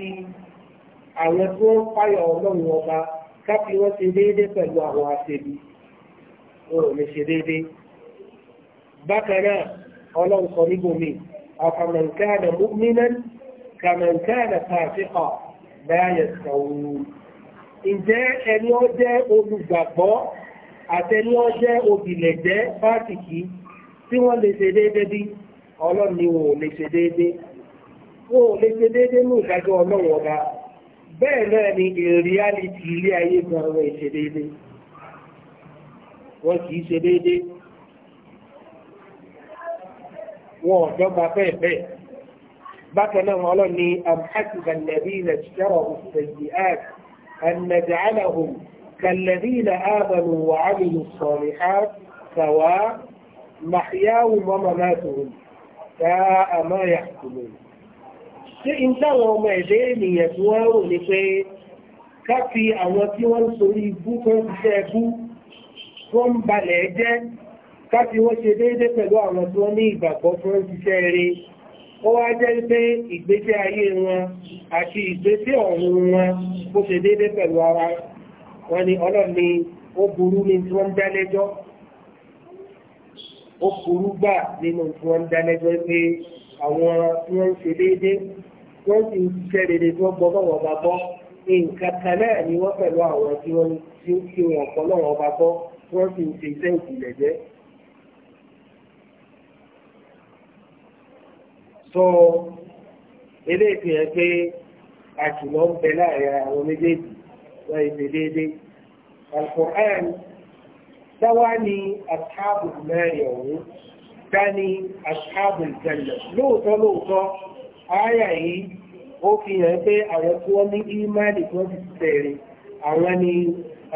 àwọn tó ń fáyọ̀ ọlọ́run ọba ká fi wọ́n ṣe déédéé pẹ̀lú àwọn aṣèlú wọn ò lè ṣe déédéé. bákan náà ọlọ́run sọ níbòmí àfàmọ̀nkánà múmínà kàmọ̀nkánà pàṣípà báyà sọ̀rọ̀ ǹjẹ́ ẹni ó jẹ́ olùgbàgbọ́ àtẹni wọn jẹ́ obìnrin jẹ́ fásitì tí wọ́n lè ṣe déédé bí ọlọ́run ni wọn ò lè ṣe déédé wọn ò lè ṣe déédé ní ìdájọ́ ọlọ́run ọba bẹ́ẹ̀ náà ni ìrìálítì ilé ayé gan wọn ìṣe déédé wọn kì í ṣe déédé wọn ò dọ́gba bẹ́ẹ̀ bẹ́ẹ̀ bákan náà wọn ọlọ́run ni amhasiba nàbí nàìjíríà ọ̀hún ṣèyí àt ànàjàálà كالذين آمنوا وعملوا الصالحات سواء محياهم ومماتهم ساء ما يحكمون ṣe ń táwọn ọmọ ẹ̀dẹ́ ènìyàn tí wọ́n rò ní pé ká fi àwọn tí wọ́n ń sorí ibú tó ń ṣiṣẹ́ ẹbú tó ń balẹ̀ jẹ́ ká fi wọ́n ṣe déédé pẹ̀lú àwọn tí wọ́n ní ìgbàgbọ́ tó ń ṣiṣẹ́ rere ó wá jẹ́ pé ìgbésí ayé wọn àti ìgbésí ọ̀run wọn kó ṣe déédé pẹ̀lú ara wọ́n ní ọlọ́run ni ó burú ní tí wọ́n ń dá lẹ́jọ́ ó burú gbà nínú tí wọ́n ń dá lẹ́jọ́ pé àwọn tí wọ́n ń ṣe déédé wọ́n sì ń ṣiṣẹ́ déédé tí wọ́n gbọ́ bọ́wọ́ bá bọ́ nǹkan kan náà ni wọ́n pẹ̀lú àwọn tí wọ́n ti ń ṣe wọn kọ́ lọ́wọ́ bá bọ́ wọ́n sì ń ṣe iṣẹ́ ìpìlẹ̀ jẹ́. sọ eléyìí fi hàn pé àṣùlọ ń bẹ láàrin àwọn méjèèjì wọ́n ṣe déédéé. Al-Qur'an dáwà ní ashabu mẹ́rin ọ̀hún dání ashabu jannah. Lóòótọ́ lóòótọ́, àyà yìí ó fi hàn pé àwọn tí wọ́n ní ímáàlì tó ti tẹ̀rè àwọn ní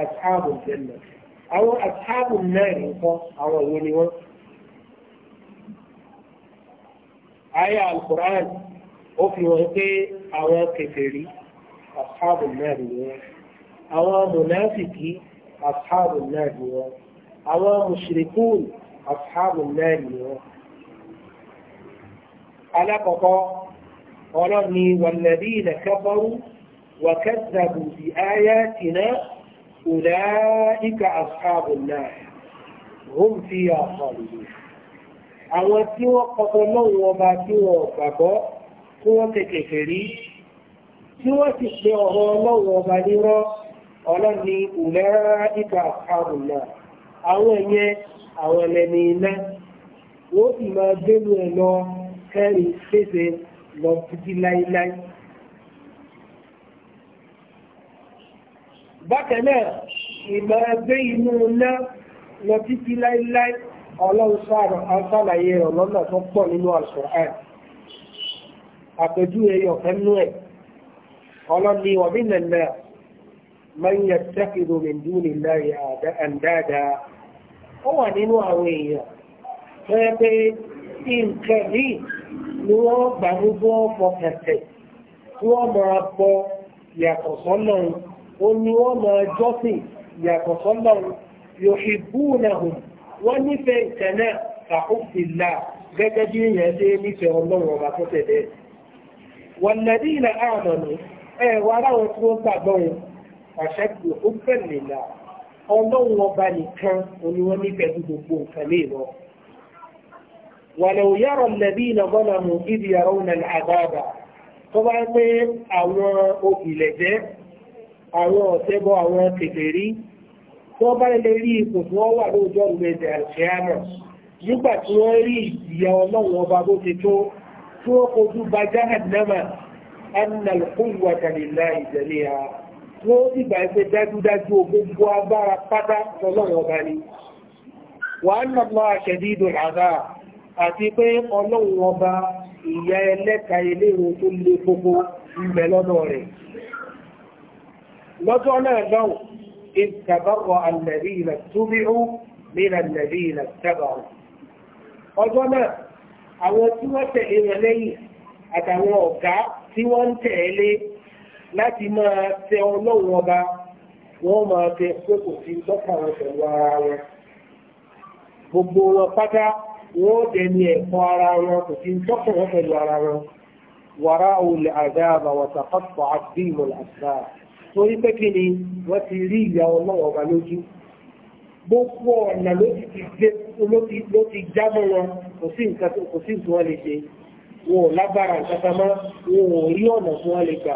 ashabu jannah. Àwọn ashabu mẹ́rin àwọn ìwé ni wọ́n. Àyà Al-Qur'an ó fi hàn pé àwọn kèfèrí ashabu mẹ́rin àwọn mùnáfìkì ashabun náà ni wọn àwọn mushrikun ashabun náà ni wọn. alákọ̀ọ́kọ́ ọlọ́ni walladhina kafaru wa kadhabu bi ayatina ulaika ashabun náà hum fiha khalidun àwọn tí wọ́n kọ́kọ́ lọ́wọ́ ọba tí wọ́n gbàgbọ́ tí wọ́n tẹ̀kẹ̀kẹ̀ rí tí wọ́n sì pé ọ̀rọ̀ ọlọ́wọ́ ọba nírọ́ ọlọ́ni ìlẹ́ ìka àrùnà àwọn ẹ̀yẹ àwọn ẹlẹ́ni iná wọ́n sì máa gbénu ẹ̀ lọ kẹrin ṣéṣe lọ títí láíláí. bákan náà ìmọ̀ ẹgbẹ́ inú iná lọ títí láíláí ọlọ́run ṣàlàyé rẹ̀ lọ́nà tó pọ̀ nínú Al-Qur'an àpèjúwe ọ̀fẹ́ nú ẹ̀ ọlọ́ni ọ̀bí nàìjíríà. من يتخذ من دون الله أندادا هو نينو أوي فيبي إن كذي نو بانوبو فكتي نو مرابو يتصلون ونو مرجوسي يتصلون يحبونهم ونفيتنا كحب الله gẹ́gẹ́ bí èèyàn ṣe nífẹ̀ẹ́ ọlọ́run ọba tó tẹ̀lé wọ̀nàdí ilẹ̀ ààrùn ẹ̀ wà láwọn tí wọ́n gbàgbọ́ yẹn àṣàkì òkúfẹ̀lélà ọlọ́run ọba nìkan ni wọ́n nífẹ̀ẹ́ fún gbogbo nǹkan lè lọ. wàlẹ̀ òyàrá lẹ́bí ìnàgọ́nà mú ibi yàrá òun nàlẹ́ àgbààbà tó bá pé àwọn òbílẹ̀jẹ́ àwọn ọ̀tẹ́bọ àwọn kèfèrí tó bá lè rí ipò tí wọ́n wà lóòjọ́ ìgbẹ̀dẹ̀ àṣẹ́yàmọ̀ nígbà tí wọ́n rí ìyà ọlọ́run ọba bó ti tó tí wọ́n kojú bá jahannama annal quwwata lillahi jami'a wọ́n ìgbà ẹgbẹ́ dájúdájú gbogbo agbára pátá lọ́lọ́wọ́ ọba ni wàá nà lọ àṣẹ̀dí ìdùn àdá àti pé ọlọ́run ọba ìyá ẹlẹ́ka eléèrò tó le gbogbo ìgbẹ̀ lọ́dọ̀ rẹ̀ lọ́jọ́ náà lọ́wọ́ ìtàbárọ̀ láti máa tẹ ọlọ́run ọba wọ́n máa tẹ pé kò sí tọ́ka wọn pẹ̀lú ara wọn gbogbo wọn pátá wọ́n dẹni ẹ̀kọ́ ara wọn kò sí tọ́ka wọn pẹ̀lú ara wọn wàrà olè àdáàbà wàtàkọ́tọ̀ àti ìmọ̀lẹ̀ àṣà torí pé kí ni wọ́n ti rí ìyá ọlọ́run ọba lójú gbogbo ọ̀nà ló ti jábọ̀ wọn kò sí nǹkan tí wọ́n lè ṣe wọn ò lágbára nǹkan kan mọ́ wọn ò rí ọ̀nà tí wọ́n lè gbà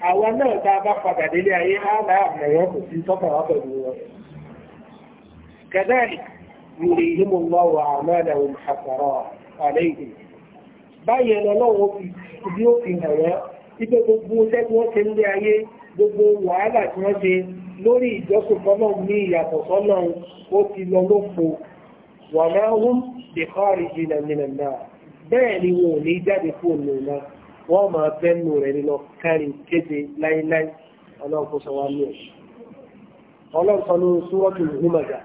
àwọn náà tá a bá padà délé ayé ààlà àmọ̀wọ́ kò sí tọ́kà wá pẹ̀lú wọn kẹdẹ́rì يريهم الله أعمالهم حسرات عليهم báyẹn lọ́wọ́ bí ó fi hàn wọ́n wípé gbogbo iṣẹ́ tí wọ́n ṣe ń lé ayé gbogbo wàhálà tí wọ́n ṣe lórí ìjọsìn fọ́nà ní ìyàtọ̀ sọ́nà ó ti lọ lóko wà máa ń dèkọ́ àríjìnà nínú náà bẹ́ẹ̀ ni wọn ní jáde fún òun wọ́n máa bẹ́nu rẹ̀ nínú kárí kéde láíláí ọlọ́run kó sọ wá ní ẹ̀. ọlọ́run sọ ní súrọ́tù Humaza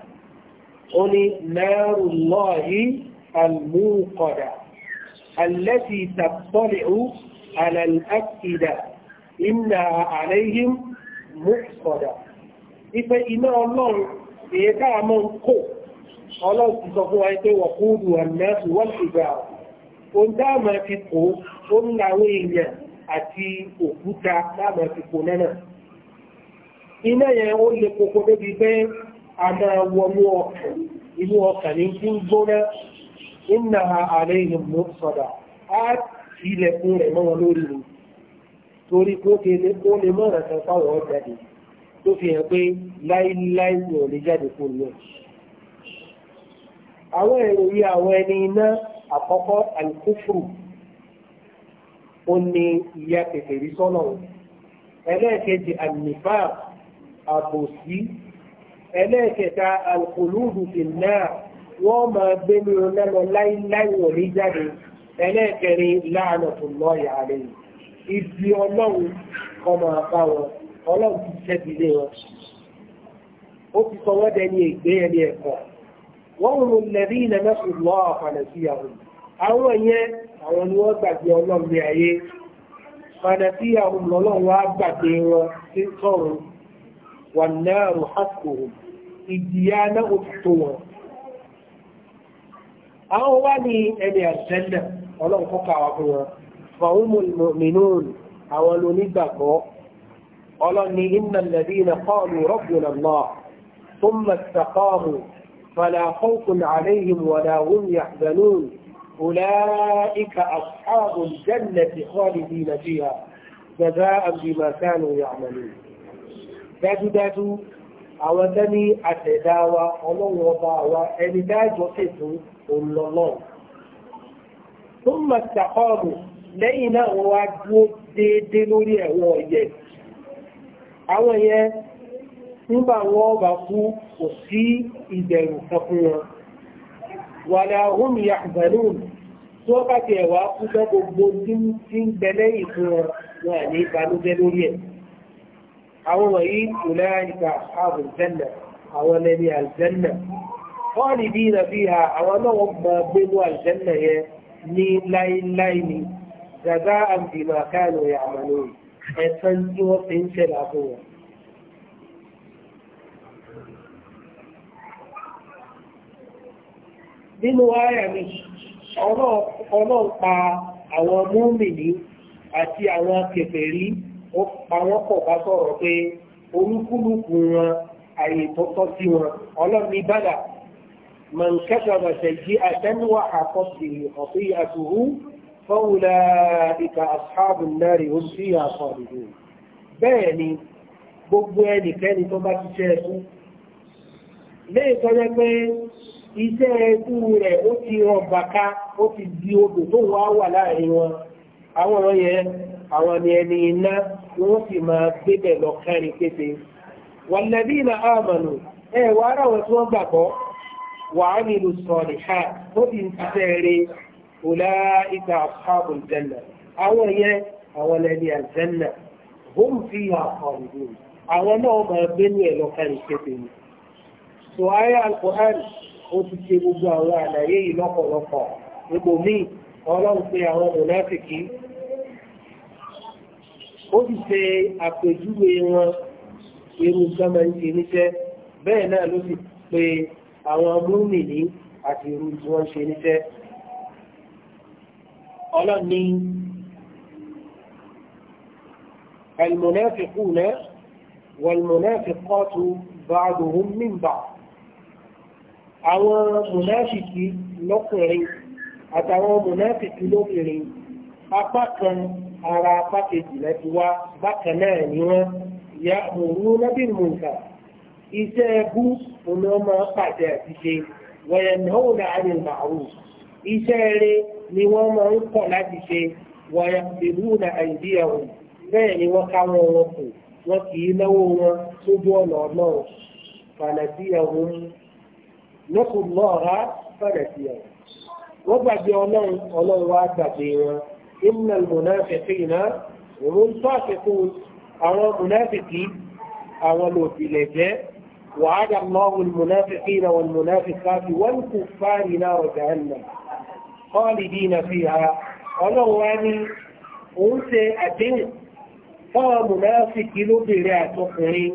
ó ní náírù lọ́ọ̀hí àlùmúkọ̀dà alẹ́tì tàbọ́lẹ̀hù alàlàkìdà ìnà àlẹ́yìn múkọ̀dà. ife iná ọlọ́run èyí tá ń kó ọlọ́run ti sọ fún wa pé wọ́n kúrú àmì wọ́n ti gbà ọ́ ohun tá a máa fi kó ó ń la àwọn èèyàn àti òkúta tá a máa fi kó náà. iná yẹn ó le koko débi pé a máa wọnú ọkàn inú ọkàn ní kí ń gbóná iná ààrẹ ìlú mú sọ̀dà á ilẹ̀kùn rẹ̀ mọ́ wọn lórí mi torí kó ti lè kó lè mọ́ ọ̀rẹ́ kan fáwọn jáde tó fi hàn pé láíláí ni ò lè jáde kó lọ. àwọn èrò àwọn ẹni iná àkọ́kọ́ alkufru ó ní ìyá tètè rí sọ́nà ẹlẹ́ẹ̀kejì ànífà àbòsí ẹlẹ́ẹ̀kẹta alkùlúùdù fìnnà wọ́n máa gbé ní ọlẹ́nu láíláí wọlé jáde ẹlẹ́ẹ̀kẹrin láàánà tó lọ́ọ̀yà rẹ̀ ibi ọlọ́run ọmọ àbá wọn ọlọ́run ti ṣẹ́bi lé wọn ó ti sọ wọ́n dẹni ègbé ẹni ẹ̀kọ́ wọ́n mú lẹ́bí ilẹ̀ mẹ́sùn lọ́ àfàlẹ̀ sí àwọn àwọn yẹn àwọn ni wọ́n gbàgbé ọlọ́run ayé fàlẹ̀ sí àwọn lọ́lọ́run wá gbàgbé wọn sí sọ̀rọ̀ wà náà rò hásìkòrò ìdíyà náà ó ti tó wọn. àwọn wá ní ẹni àjẹ́nà ọlọ́run kọ́kà wá fún wọn fàwọn mọ̀mìnún àwọn lónígbàgbọ́ ọlọ́ni ìnnà lẹ́bí ilẹ̀ kọ́ọ̀lù rọ́bùnà náà فلا خوف عليهم ولا هم يحزنون أولئك أصحاب الجنة خالدين فيها جزاء بما كانوا يعملون دادو دادو àwọn tẹ́ni àtẹ̀dá wa ọlọ́run ọba wa ẹni dájọ́ tẹ̀tún òǹlọ́lọ́ tó mọ̀ sàkọ́ọ̀mù lẹ́yìn náà wọ́n wá dúó déédéé lórí ẹ̀wọ̀n ọ̀yẹ́ àwọn yẹn nígbà wọ́n bá kú kò sí ìdẹ̀rù kan fún wọn wàlẹ̀ ahùn yàgbẹ̀lùn tó bá ti ẹ̀wà kú tẹ́ gbogbo tí ń bẹ lẹ́yìn fún wọn wọn ní ìbànújẹ́ lórí ẹ̀ àwọn wọ̀nyí kò láyàríkà ààbò jẹ́nà ẹ̀sán tí wọ́n fi ń ṣẹlẹ̀ fún nínú ayà mi ọlọ́run pa àwọn múmìnì àti àwọn kèfèrí ó pa wọ́n pọ̀ bá sọ̀rọ̀ pé olúkúlùkù wọn àyè tó tọ́ sí wọn ọlọ́run ní bàdà من كسب سيئة وحقت به خطيئته فأولئك أصحاب النار هم فيها خالدون bẹ́ẹ̀ ni gbogbo ẹnikẹ́ni tó bá ti ṣe ẹ̀kú léè tọ́jẹ́ pé iṣẹ́ ẹkú rẹ̀ ó ti ràn bàká ó ti di odò tó wà wà láàrin wọn àwọn ọ̀rọ̀ àwọn ni ẹni iná ni wọ́n sì máa gbébẹ̀ lọ kárin kété wàlẹ́bí na àmàlù ẹ wà ara wọn tí wọ́n gbàgbọ́ wà á sọ̀rì ha ó ti ń ṣiṣẹ́ rẹ̀ ìta àwọn yẹn àwọn lẹ́ni àjẹ́nà fi àwọn náà máa gbé lọ ni. sọ ayé ó ti ṣe gbogbo àwọn àlàyé yìí lọ́pọ̀lọpọ̀ ipò míì ọlọ́run pé àwọn mùnáfìkì ó ti ṣe àpèjúwe wọn irú sọ́mọ ń ṣe níṣẹ́ bẹ́ẹ̀ náà ló sì pé àwọn múmìnì àti irú tí wọ́n ṣe níṣẹ́ ọlọ́run ní المنافقون والمنافقات بعضهم من بعض àwọn mùnáfìkì lọ́kùnrin àtàwọn mùnáfìkì lóbìnrin apá kan ara apá kejì láti wá bákan náà ni wọ́n ya òru lábí mùnkà iṣẹ́ ẹbú òun ọmọ pàṣẹ àtiṣe wọ̀yẹ̀ náà ní àárín màrú iṣẹ́ eré ni wọ́n máa ń kọ̀ láti ṣe wọ̀yẹ̀ ìlú na àìdíyà wọn bẹ́ẹ̀ ni wọ́n káwọn wọn kù wọn kì í náwó wọn sójú ọ̀nà ọlọ́run fàlàdíyà wọn lókun lọ́ọ̀rá fẹ̀rẹ̀ sí ẹ̀. wọ́n gbàgbé ọlọ́run ọlọ́run wá gbàgbé wọn ìmúnà mùnáfẹ̀kìnà òun tó àfikún àwọn mùnáfẹ̀kì àwọn lòdìlẹ̀ jẹ́ وعد الله المنافقين والمنافقات والكفار نار جهنم خالدين فيها ọlọ́run wá ní òun ṣe àdéhùn fáwọn mùnáfíkì lóbìnrin àtọkùnrin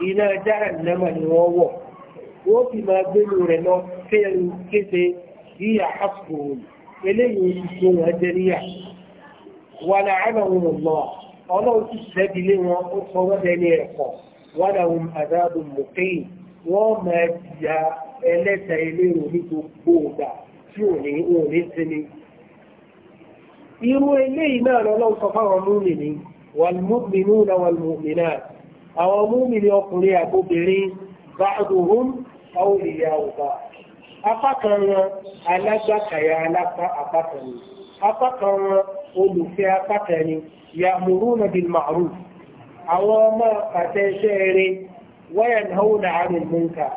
iná jahannama ni wọ́n wọ̀ wọ́n fi máa gbélu rẹ̀ lọ kéèrú kése yíyà asùkòrò eléyìí tó wọ́n jẹ́ níyà wà láàánà wọn lọ ọlọ́run ti sẹ́bi lé wọn ó sọ wọ́n dẹni ẹ̀kọ́ wà láwọn àdáàbò mọ̀kéyìn wọ́n máa jìyà ẹlẹ́ta eléyìí ní gbogbo ọ̀dà tí ò ní ò ní sinmi irú eléyìí náà lọ́lọ́run sọ fáwọn múmi ni wàlmúmi náà wàlmúmi náà àwọn múmìnì ọkùnrin àgbóbìnrin ba'duhum awliya'u ba'd apá kan wọn alágbàkàyà apá kan ni apá kan wọn olùfẹ́ apá kan ni ya'muruna bil ma'ruf àwọn ọmọ àtẹ iṣẹ́ eré wayanhawna 'anil munkar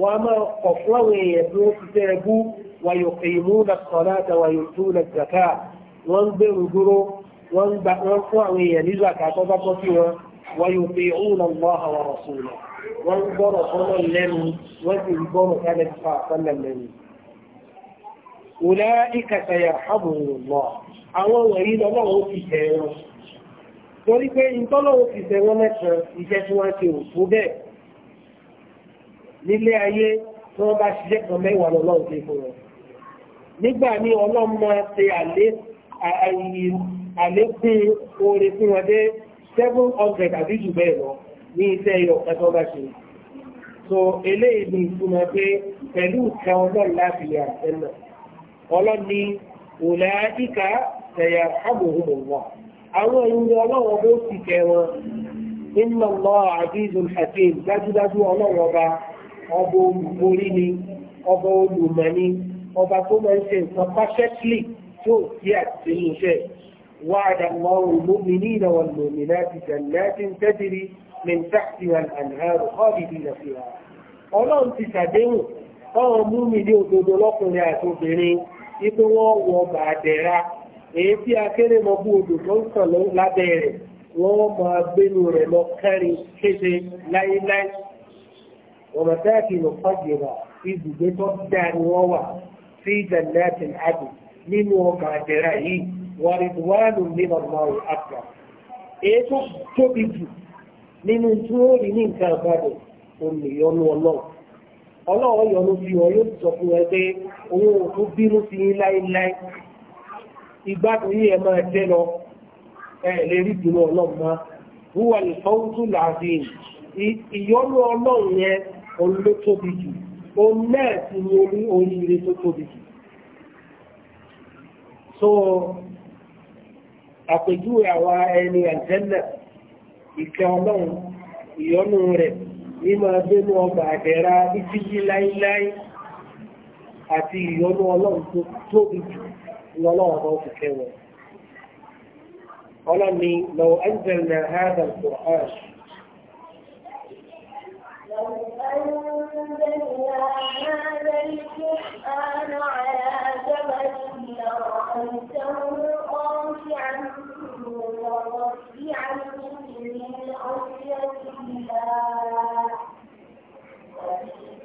wọ́n máa kọ̀ fún àwọn èèyàn tí ti fẹ́ bú ويقيمون ويطيعون الله ورسوله وانظر صلى لنا وانظر كان صلى لنا أولئك سيرحمهم الله أو wọ̀nyí الله fi tẹ̀ wọn torí pé ìtọ́lọ́wọ́ fi tẹ̀ wọn mẹ́sàn iṣẹ́ tí wọ́n ti rò tó bẹ́ẹ̀ nílé ayé tí wọ́n bá ṣiṣẹ́ kan mẹ́wàá lọ́lọ́wọ́ ti fún wọn nígbà ní ọlọ́mọ ṣe àlékún oore fún wọn dé seven hundred àbí jù bẹ́ẹ̀ lọ ní iṣẹ́ ẹyọ ẹ̀tọ́ bá ṣe so eléyìí ni ìtumọ̀ pé pẹ̀lú ìka ọlọ́run láti lè àṣẹ náà ọlọ́run ní òlà ìka ẹ̀yà àbòhùn wọn àwọn ìwé ọlọ́run ló ti kẹ wọn nínú ọlọ́ àdízùn hakeem dájúdájú ọlọ́run ọba ọba olùborí ni ọba olùmọ̀ ni ọba tó máa ń ṣe nǹkan perfectly tó sí àtìsẹ́yìn iṣẹ́ وعد الله المؤمنين والمؤمنات جنات تجري من تحتها الأنهار خالدين فيها ọlọ́run ti ṣàdéhùn fáwọn múmìnì òdodo lọ́kùnrin àti obìnrin ipò wọn wọ bàdẹ̀ra èyí tí akéré mọ bú odò tó ń sàn lábẹ́ rẹ̀ wọ́n máa gbénu rẹ̀ lọ kẹrin kéde láíláí ọmọdáàkì ló fàjìrà ibùgbé tó dáa ni wọ́n wà sí ìjàndáàtì àdùn nínú ọgbà àdẹ̀ra yìí wàrìdùwánù nínú ọmọrù àgbà èyí tó tóbi jù nínú tí ó rí ní nǹkan àbádọ olùyọnu ọlọ́run ọlọ́run yọ́nú sí ọ yóò sọ fún ẹ pé òun ò tún bínú sí yín láéláé ìgbádùn yìí ẹ máa jẹ lọ ẹ lè rí ìdùnnú ọlọ́run mọ́ wúwa lè fọwọ́tún làásìn ìyọ́nú ọlọ́run yẹn òun ló tóbi jù òun náà sì ní oríire tó tóbi jù. so àpèjúwe àwa ẹni àjẹ́nà ìkẹ́ ọlọ́run ìyọ́nú rẹ̀ nínú abẹ́nú ọgbà àdẹ́ra títí yí láíláí àti ìyọ́nú ọlọ́run tó tóbi jù ní ọlọ́run ọba oṣù kẹwàá. ọlọ́run ni lọ́wọ́ anzalna hadha al-Qur'an. لو على جبل لرأيته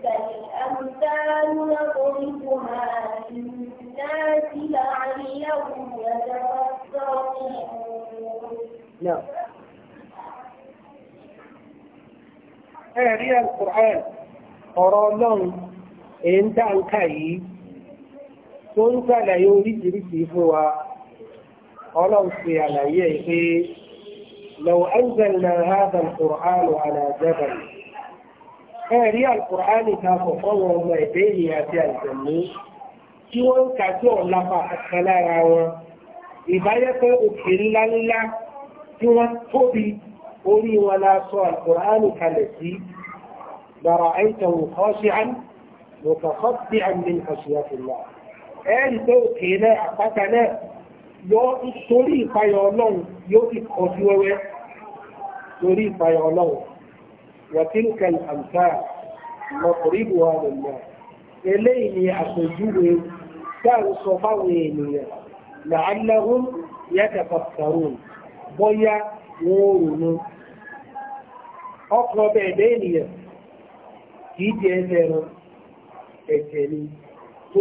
الأمثال نضربها للناس لعلهم يتفكرون Ẹ̀rí Al-Qur'an ọ̀rọ̀ Ọlọ́run èyí ń dá ǹkà yìí tó ń sàlàyé oríṣiríṣi fún wa, Ọlọ́run ṣe àlàyé ẹ̀ لو أنزلنا هذا القرآن على جبل أهلي القرآن تاكو فوو ما يبيني يأتي الجنة جوان كاتو اللفا أخلا راوا إذا يكو أكل لالا جوان توبي قولي ولا سوى القرآن كالسي لرأيته خاشعا متصدعا من خشية الله أهلي تو كينا yóò torí ìpayà ọlọ́run yóò ti kọ̀ sí wẹ́wẹ́ torí ìpayà ọlọ́run wàtíǹkà àǹtà lọ́kùnrin ìwà rẹ̀ lọ eléyìí ni àpèjúwe dáhùn sọ fáwọn ènìyàn làálàhùn yàtàkàtàrùn bóyá wọn ò ronú ọkọ̀ ọbẹ̀ ẹ̀dẹ́ ènìyàn kìí jẹ ẹsẹ̀ ẹran ẹ̀jẹ̀ ni tó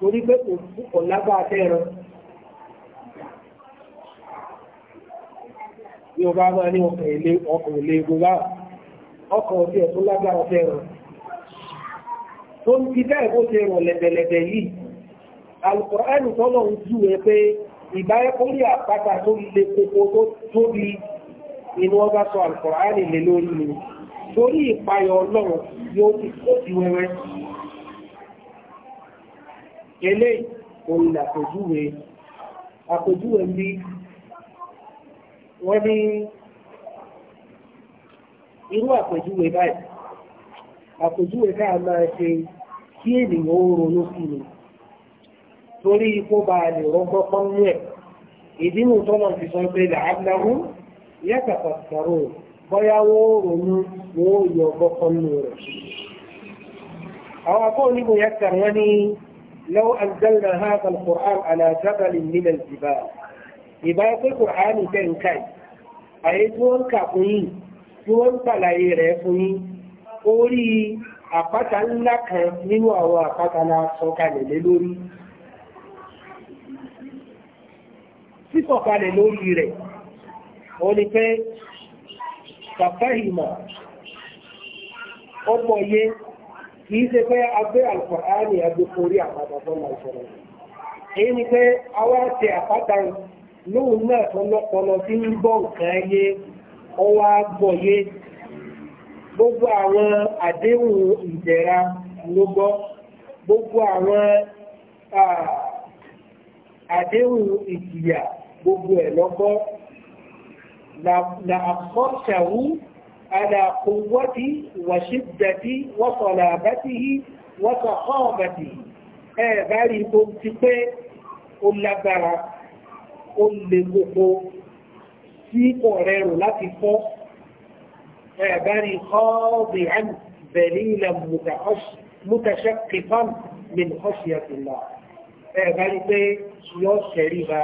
dùn jọ pé kò lágbára fẹ́ràn ní ọba máa ní ọkọ̀ ilé ọkọ̀ ilé gbogbo ọkọ̀ ọ̀tí ẹ̀tún lágbára fẹ́ rọ̀ tó ń ti bẹ́ẹ̀ bó ṣe rọ̀ lẹ̀bẹ̀lẹ̀bẹ̀ yìí alukọ̀ránì tọ́lọ̀ ń jù ẹ pé ìbáyẹ́kórí àpáta tó le koko tó tóbi inú ọba sọ alukọ̀ránì lé lórí mi torí ìpayọ̀ ọlọ́run yóò ti kó ti wẹ́wẹ́ eléyìí òun àpèjúwe àpèjúwe bíi wọ́n ní irú àpèjúwe báyìí àpèjúwe káà máa ṣe kí ènìyàn ó ronú sí ni torí kó bá lè rọ́gbọ́n pọ́nú ẹ̀ ìdí nù tọ́nà ti sọ pé làálàáhù yàtàkà sàrò bóyá wó ronú wó yọ gbọ́kọ́ nù rẹ̀. àwọn akọ́ onígbò yàtà wọ́n ní lọ́wọ́ àjẹ́lẹ̀ hàn kan àlàjábàlì nílẹ̀ jìbá ìbá pé kùránì bẹ́ẹ̀ ń kà yìí àyè tí wọ́n ń kà fún yìí tí wọ́n pàlàyé rẹ̀ fún yìí orí àpáta ńlá kan nínú àwọn àpáta la sọ̀kalẹ̀ lé lórí sísọ̀kalẹ̀ lórí rẹ̀ ó ní pé fàfáhìmọ̀ ọgbọ̀ yé kìí ṣe pé abẹ́ àlùkùránì àgbẹ̀kọ̀ orí àpáta tó máa sọ̀rọ̀ èyí ni pé awá ṣe àpáta lóun náà tọ́lọ́pọlọ tí ń gbọ́ nǹkan ayé ọwọ́ agbọ̀yé gbogbo àwọn àdéhùn ìdẹ̀ra ló gbọ́ gbogbo àwọn àdéhùn ìjìyà gbogbo ẹ̀ lọ́gbọ́ la àkọ́ṣàwú alákòwọ́dí wàṣídàdí wọ́sọ̀làbátìhí wọ́sọ̀kọ́ọ̀bàtìhí ẹ̀ẹ̀bá rí gbogbo ti pé ó lágbára ó le koko tí kò rẹrùn láti fọ́ ẹ̀bẹ́ni kọ́ọ̀dì àn bẹ̀lílẹ̀ mùtàṣẹ́kìfán min khashyatillah ẹ̀bẹ́ni pé yóò ṣẹ̀rí ba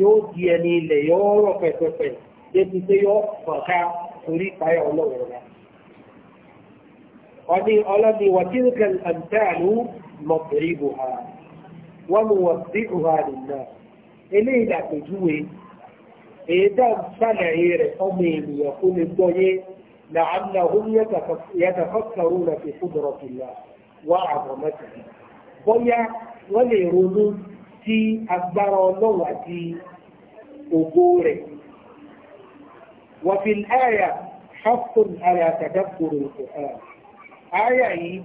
yóò di ẹni ilẹ̀ yóò rọ̀ pẹ̀pẹ̀pẹ̀ débi pé yóò fọ̀ká torí ìpayà ọlọ́wọ̀ rẹ̀. ọdí ọlọ́dí wà tí nìkan àǹtàlù mọ̀bìrì bùhá wọ́n mú wọ́n sí ìhùhá nìyàn. eléyìí làpèjúwe èédà ṣàlàyé rẹ̀ ọmọ ènìyàn kó lè gbọ́ yé gbọ́yé làánàhùn yàtàfàkàrù rẹ̀ fi kúndùrọ̀ fìlà wá àbọ̀mọ́tì bóyá wọ́n lè ronú sí agbára ọlọ́wà àti ògbó rẹ̀ wàfin àyà حق على تدبر القرآن آية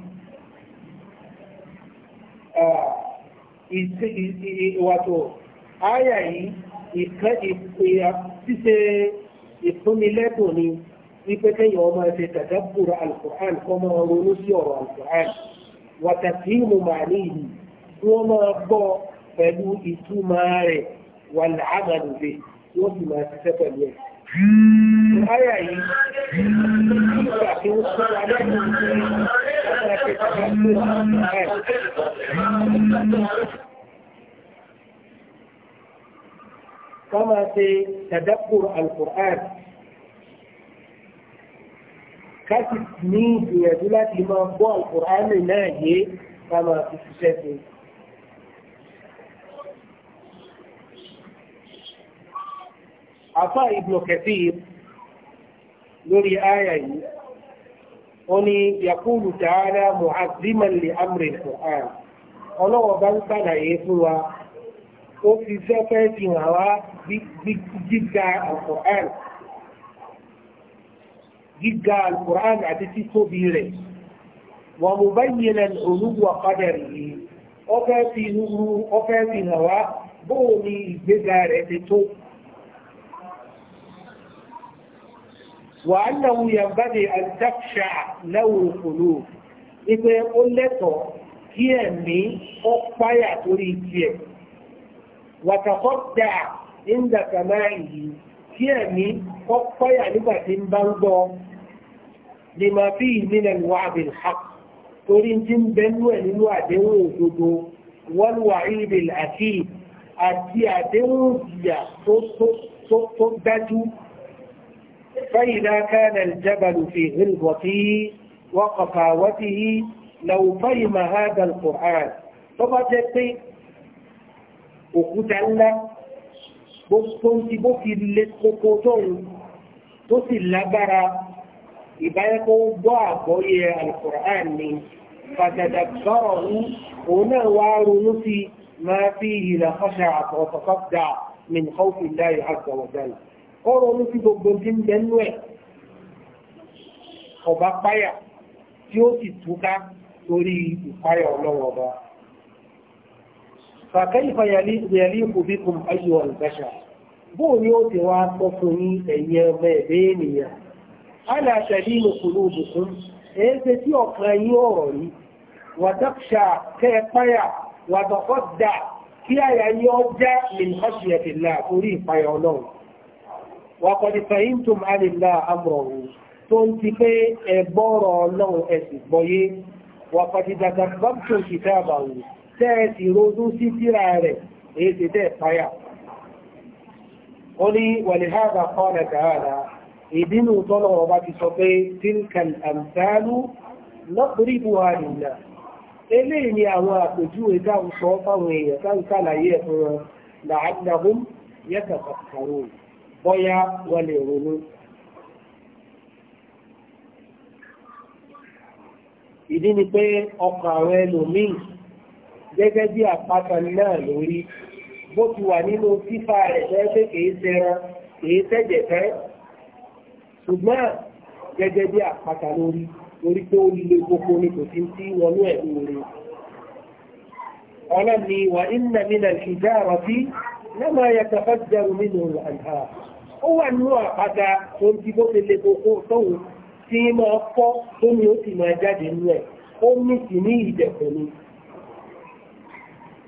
wato áyà yìí ṣíṣe ìfúnnilẹ́bùn ni wípé kẹ́yìn ọmọ ẹ̀fẹ́ tàdábùrà alkùnrán kọ́ máa ronú sí ọ̀rọ̀ alkùnrán wàtàkì ìmù màálì yìí tí wọ́n máa gbọ́ pẹ̀lú ìtumọ̀ rẹ̀ wà láàmàlù rẹ̀ wọ́n sì máa ṣiṣẹ́ pẹ̀lú ẹ̀. Àyà yìí ìgbà tí ó sọ wa lẹ́nu ìgbà tí ó sọ wa lẹ́nu ìgbà tí ó sọ wa lẹ́nu ìgbà tí ó sọ wa lẹ́nu ìgbà tí ó sọ wa lẹ́nu ìgbà tí ó sọ wa lẹ́nu ìgbà tí ó sọ wa lẹ́nu ìgbà tí ó sọ wa lẹ́nu ìgbà tí ó sọ wa lẹ́nu ìgbà tí ó sọ wa lẹ́nu ìgbà tí ó sọ wa lẹ́nu ìgbà tí ó sọ wa lẹ́nu ìgbà tí ó sọ wa lẹ́nu ìgbà tí ó sọ wa lẹ́nu ìgbà tí ó sọ wa lẹ́nu ìgbà tí ó sọ wa lẹ́nu ìgbà tí ó sọ wa lẹ́nu ìgbà tí ó sọ wa lẹ́nu ìgbà ká máa ṣe tadabbur al-Qur'an ká sì ní ìgbìyànjú láti máa gbọ́ al-Qur'an náà yé ká máa fi ṣiṣẹ́ ṣe. àfá Ibn Kathir lórí àyà yìí ó ní yaqulu ta'ala mu'azziman li amri al-Qur'an ọlọ́wọ́ bá ń sàlàyé fún wa ó fi sẹ́fẹ́ fi hàn wá gíga Al-Qur'an gíga Al-Qur'an àti títóbi rẹ̀ wọ́n mú báyìí lẹ́nu olúwa kádàrí yìí ó fẹ́ fi rú ó fẹ́ fi hàn wá bóò ni ìgbéga rẹ̀ ti tó. وأنه ينبغي أن تخشع له القلوب إذا قلت هي مي أخفى يعتري كيه وتصدع عند سماعه كيامي قطع لبا تنبغض لما فيه من الوعد الحق تورين تنبن ولنوع دنو جدو والوعيد الأكيد أتيا دنو صدتو فإذا كان الجبل في غلبته وقفاوته لو فهم هذا القرآن فما جدتين òkúta ńlá tó ń ti bó fi lé kókó tóun tó sì lágbára ìbáyẹ́kọ́ gbọ́ àgbọ́yé alukur'an ni fàdàdà gbọ́rọ̀ ń òun náà wá ronú sí máa fi ìlà kọ́ṣà àtọ̀tọ̀kọ́dà min láì àgbàwọ̀dàlà ó fàkẹ́yìfà yẹlí ìkùbíkùn ayọ̀ ìbẹ́ṣà bóò ni ó ti wá sọ fún yí ẹ̀yẹ ọmọ ẹ̀dẹ́ ènìyàn aláṣẹ̀lí ìlòkùnlò òbùkún èéṣe tí ọ̀kan yí ọ̀rọ̀ yìí wàdọ́kṣà kẹ́ẹ̀páyà wàdọ́kọ́dà kí àyà yí ọ jẹ́ mìírànṣì orí ìpayà ọlọ́run tẹ́ẹ̀sì ronú sí tíra rẹ̀ èyí ti tẹ́ẹ̀ páyà ó ní wàlìháàbà kọ́nà tààlà ìdínú tọ́lọ̀ ọba ti sọ pé tilkal amsalu naqribuha lillah eléyìí ni àwọn àpèjúwe táwọn sọ fáwọn ìdí ni pé ọkọ̀ àwọn ẹlòmíì gẹ́gẹ́ bí àpáta náà lórí bó ti wà nínú fífa rẹ̀ fẹ́ pé kìí ṣẹran kìí ṣẹ̀jẹ̀ fẹ́ ṣùgbọ́n gẹ́gẹ́ bí àpáta lórí lórí pé ó lè gbogbo ní kò sí sí wọnú ẹ̀ lóore. ọlọ́run ni wà inna mina al-hijarati lama yatafajjaru minhu al-anhar ó wà nínú àpáta tó ń ti bó ti lè gbogbo tóun tí máa fọ́ tómi ó sì máa jáde nínú ó ní sí ní ìdẹ̀kùn ni.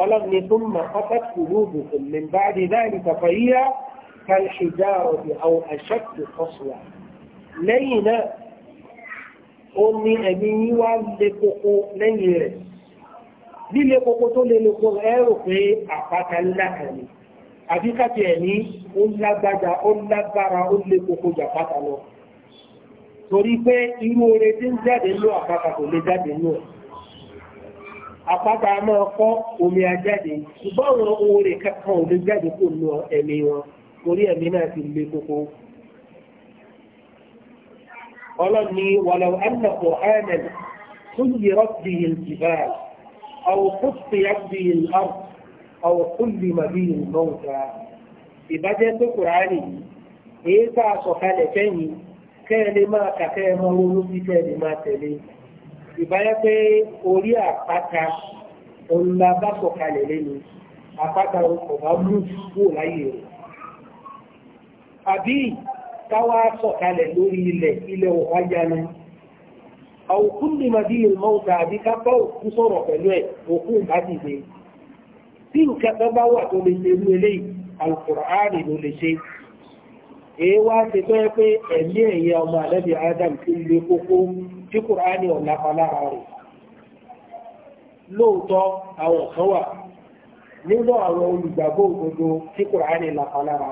ọlọ́ni súnmọ̀ ọ́fẹ́kùlùbù ìlẹ̀mbáàdì láàrin kàfàíyà kan ṣìdá ọ̀dì àwọn àṣẹ́kù ọ̀ṣùwà lẹ́yìn náà ó ní ẹ̀mí yíwá lé kókó lẹ́yìn rẹ̀ líle kókó tó lè lóko ẹ̀rù pé àpáta ńlá kan ni àbí káti ẹ̀mí ó lágbára ó lágbára ó lé kókó jàpáta lọ torí pé irú oore tí ń jáde ló àpáta kò lè jáde lọ àpáta máa fọ́ omi ajáde ṣùgbọ́n àwọn oore kankan ò lè jáde kó nu ẹ̀mí wọn torí ẹ̀mí náà ti le koko. ọlọ́ni wàlọ́ ẹnìkọ̀ ẹ̀mẹ̀lì tó yẹrọ bí ìjìbá àwọn kùtì àbí ìlànà àwọn kùlì màbí ìlànà ìbàjẹ́ tó kùránì èyí tá a sọ̀kalẹ̀ fẹ́yìn kẹ́ lè máa kàkẹ́ ẹ máa ronú bí kẹ́ ẹ lè máa tẹ̀lé ìbáyá pé orí àpáta ọ̀nà bá sọ̀kalẹ̀ lẹ́nu àpáta ọkọ̀ bá mú kúrò láyé rẹ̀. àbí táwa sọ̀kalẹ̀ lórí ilẹ̀ ilẹ̀ ọ̀há yanu àwòkún ní màdí ìmọ̀ọ́ta àbí kápá òkú sọ̀rọ̀ pẹ̀lú ẹ̀ òkú ìbá dìde tí nǹkan bá wà tó lè ṣe irú eléyìí al èé wá ṣe tó yẹ pé ẹ̀mí ẹ̀yẹ ọmọ àlẹ́bí adam ti lè kókó tí kùránì ọ̀nà palára rẹ̀ lóòótọ́ àwọn kan wà nínú àwọn olùgbàgbọ́ òdodo tí kùránì lápá lára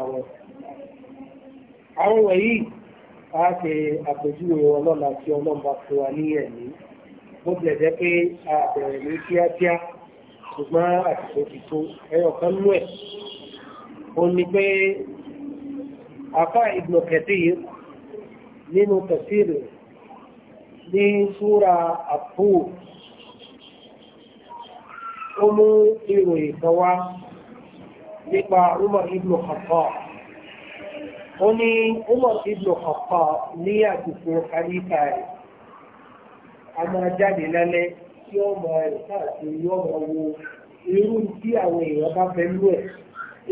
àwọn wọ̀nyí a ṣe àpèjúwe ọlọ́la tí ọlọ́mba fún wa ní ẹ̀mí bó tilẹ̀ jẹ́ pé a bẹ̀rẹ̀ ní kíákíá ṣùgbọ́n àtìkò ti tó nú ẹ̀ afá ibn Kathir nínú tafsir ní súra àpò ó mú ìròyìn kan wá nípa Umar ibn Khattab ó ní Umar ibn Khattab ní àsìkò kálífà rẹ̀ a máa jáde lálẹ́ tí ó máa rìn káàkiri yóò máa wo irú tí àwọn èèyàn bá fẹ́ lú ẹ̀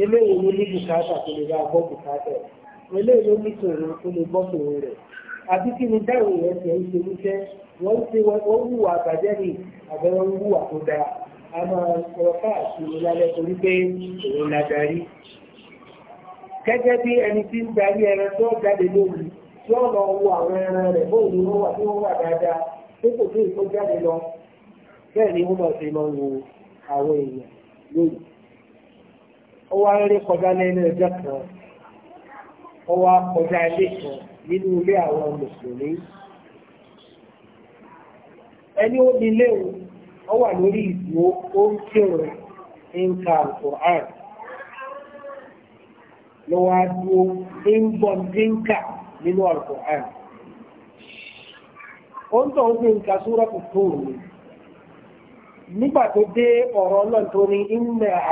eléyìí ní bùkátà tó lè bá gbọ́ bùkátà ẹ̀ eléyìí ó ní sòrò ó lè bọ́ sòrò rẹ̀ àbí kí ni dáhùn rẹ̀ ṣe ń ṣe wíṣẹ́ wọ́n ṣe wọ́n hùwà àbàjẹ́ ni àbẹ̀ wọ́n hùwà tó dáa a máa sọ̀rọ̀ káàkiri lálẹ́ torí pé òun la darí. gẹ́gẹ́ bí ẹni tí ń darí ẹran tó jáde lóru tí wọ́n lọ wo àwọn ẹran rẹ̀ bóun ni wọ́n wà tí wọ́n wà dáadáa tó kò tó ìkó jáde lọ bẹ́ẹ̀ ni wọ́n máa ṣe máa wo àwọn èèyàn lóru. ó wá rí kọjá lẹ́nu ẹjọ́ kan ó wá kọjá ilé kan nínú ilé àwọn mùsùlùmí ẹni ó di léwu ó wà lórí ìdúró ó ń kírun ń ka alukur'an ló ń bọ̀ ń nínú alukur'an ó ń tọ́ ń fi ń ka nígbà tó dé ọ̀rọ̀ náà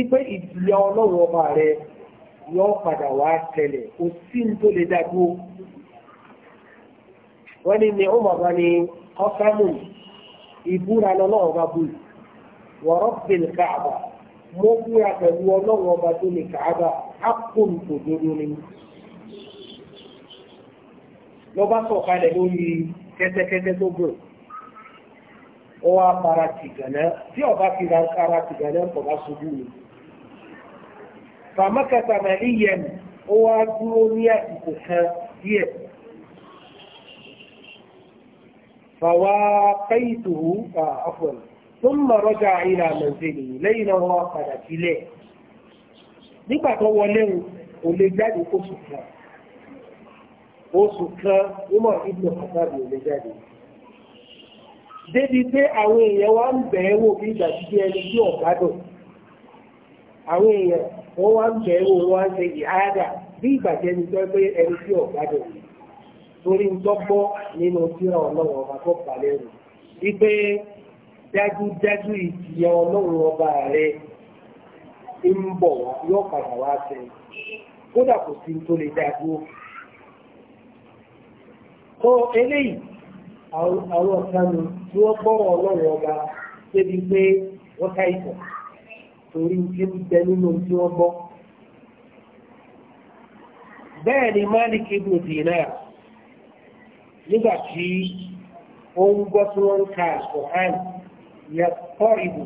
ipe ìjìyà ọlọ́run ọba rẹ yọ padà wá tẹlẹ̀ kò sí ní tó lè dágbó wọ́n ni ní ọmọ ọ ní ọ̀sánù ìbúra ọba bù wọ̀rọ̀ bẹ̀lẹ̀ káàbà mo búra pẹ̀lú ọlọ́run ọba tó ní káàbà á ni lórí tó para tí ọba fi ra ara tìgànná ni. fàmákàtà màlíyàn ó wá dúró ní àsìkò kan díẹ̀. فواقيته عفوا ثم رجع إلى منزله لين وقد إليه nígbà tó wọlé o lè jáde oṣù kan oṣù kan Umar ibn Khattab ò lè jáde débi pé àwọn èèyàn wa ń bẹ̀ẹ́ wò bí ìgbà jíjẹ́ ẹni tí ọ̀gá dùn àwọn èèyàn wọ́n wá ń jẹ́ owó wá ń ṣe ìhádà bí ìgbà tí tó pé ẹni tí ọ̀gá dòwò torí ń tọ́gbọ́ nínú síra ọlọ́run ọba tó pa lẹ́rù wípé dájúdájú ìjìyà ọlọ́run ọba rẹ kódà kò sí tó lè torí tí ó jẹ nínú tí wọ́n bẹ́ẹ̀ ni Malik ibn Dinar nígbà tí ó ń gbọ́ tí wọ́n ń ka Al-Qur'an yẹ kọ́ ìbò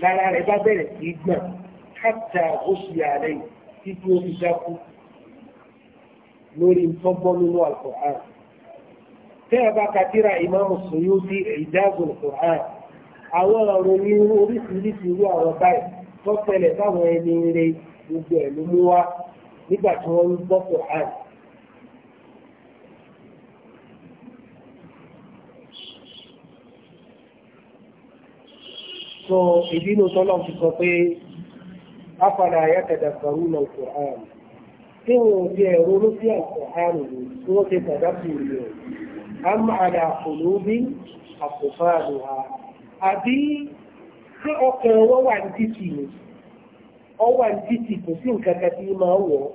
lára rẹ̀ bá bẹ̀rẹ̀ sí í gbọ̀n káàtà oṣù ààrẹ títí ó fi dákú lórí ìtọ́gbọ́n nínú Al-Qur'an. tẹ́ ẹ bá ka tírà Imam Suyuti Al-Qur'an àwọn ọ̀rọ̀ oríṣiríṣi tó tẹlẹ̀ táwọn ẹni rẹ gbogbo ẹ̀ ló mú wá nígbà tí wọ́n ń gbọ́ Quran. so ìdínú tọ́lọ̀ ti sọ pé afala yatadakkaruna al-Qur'an tí wọ́n ti ẹ̀rọ ló sí al-Qur'an rò tí wọ́n ti padà sí ìlú am ala qulubi aqfaluha àbí ṣé ọkàn wọn wà ní títì ni ọwà ní títì kò sí nǹkan kan tí máa lórí lọ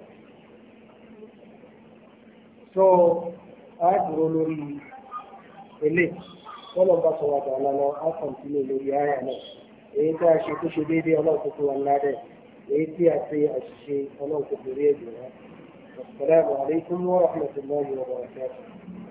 bá sọ a ṣe tó ṣe déédéé ọlọ́run tó wa ńlá èyí tí a ṣe àṣìṣe ọlọ́run tó rí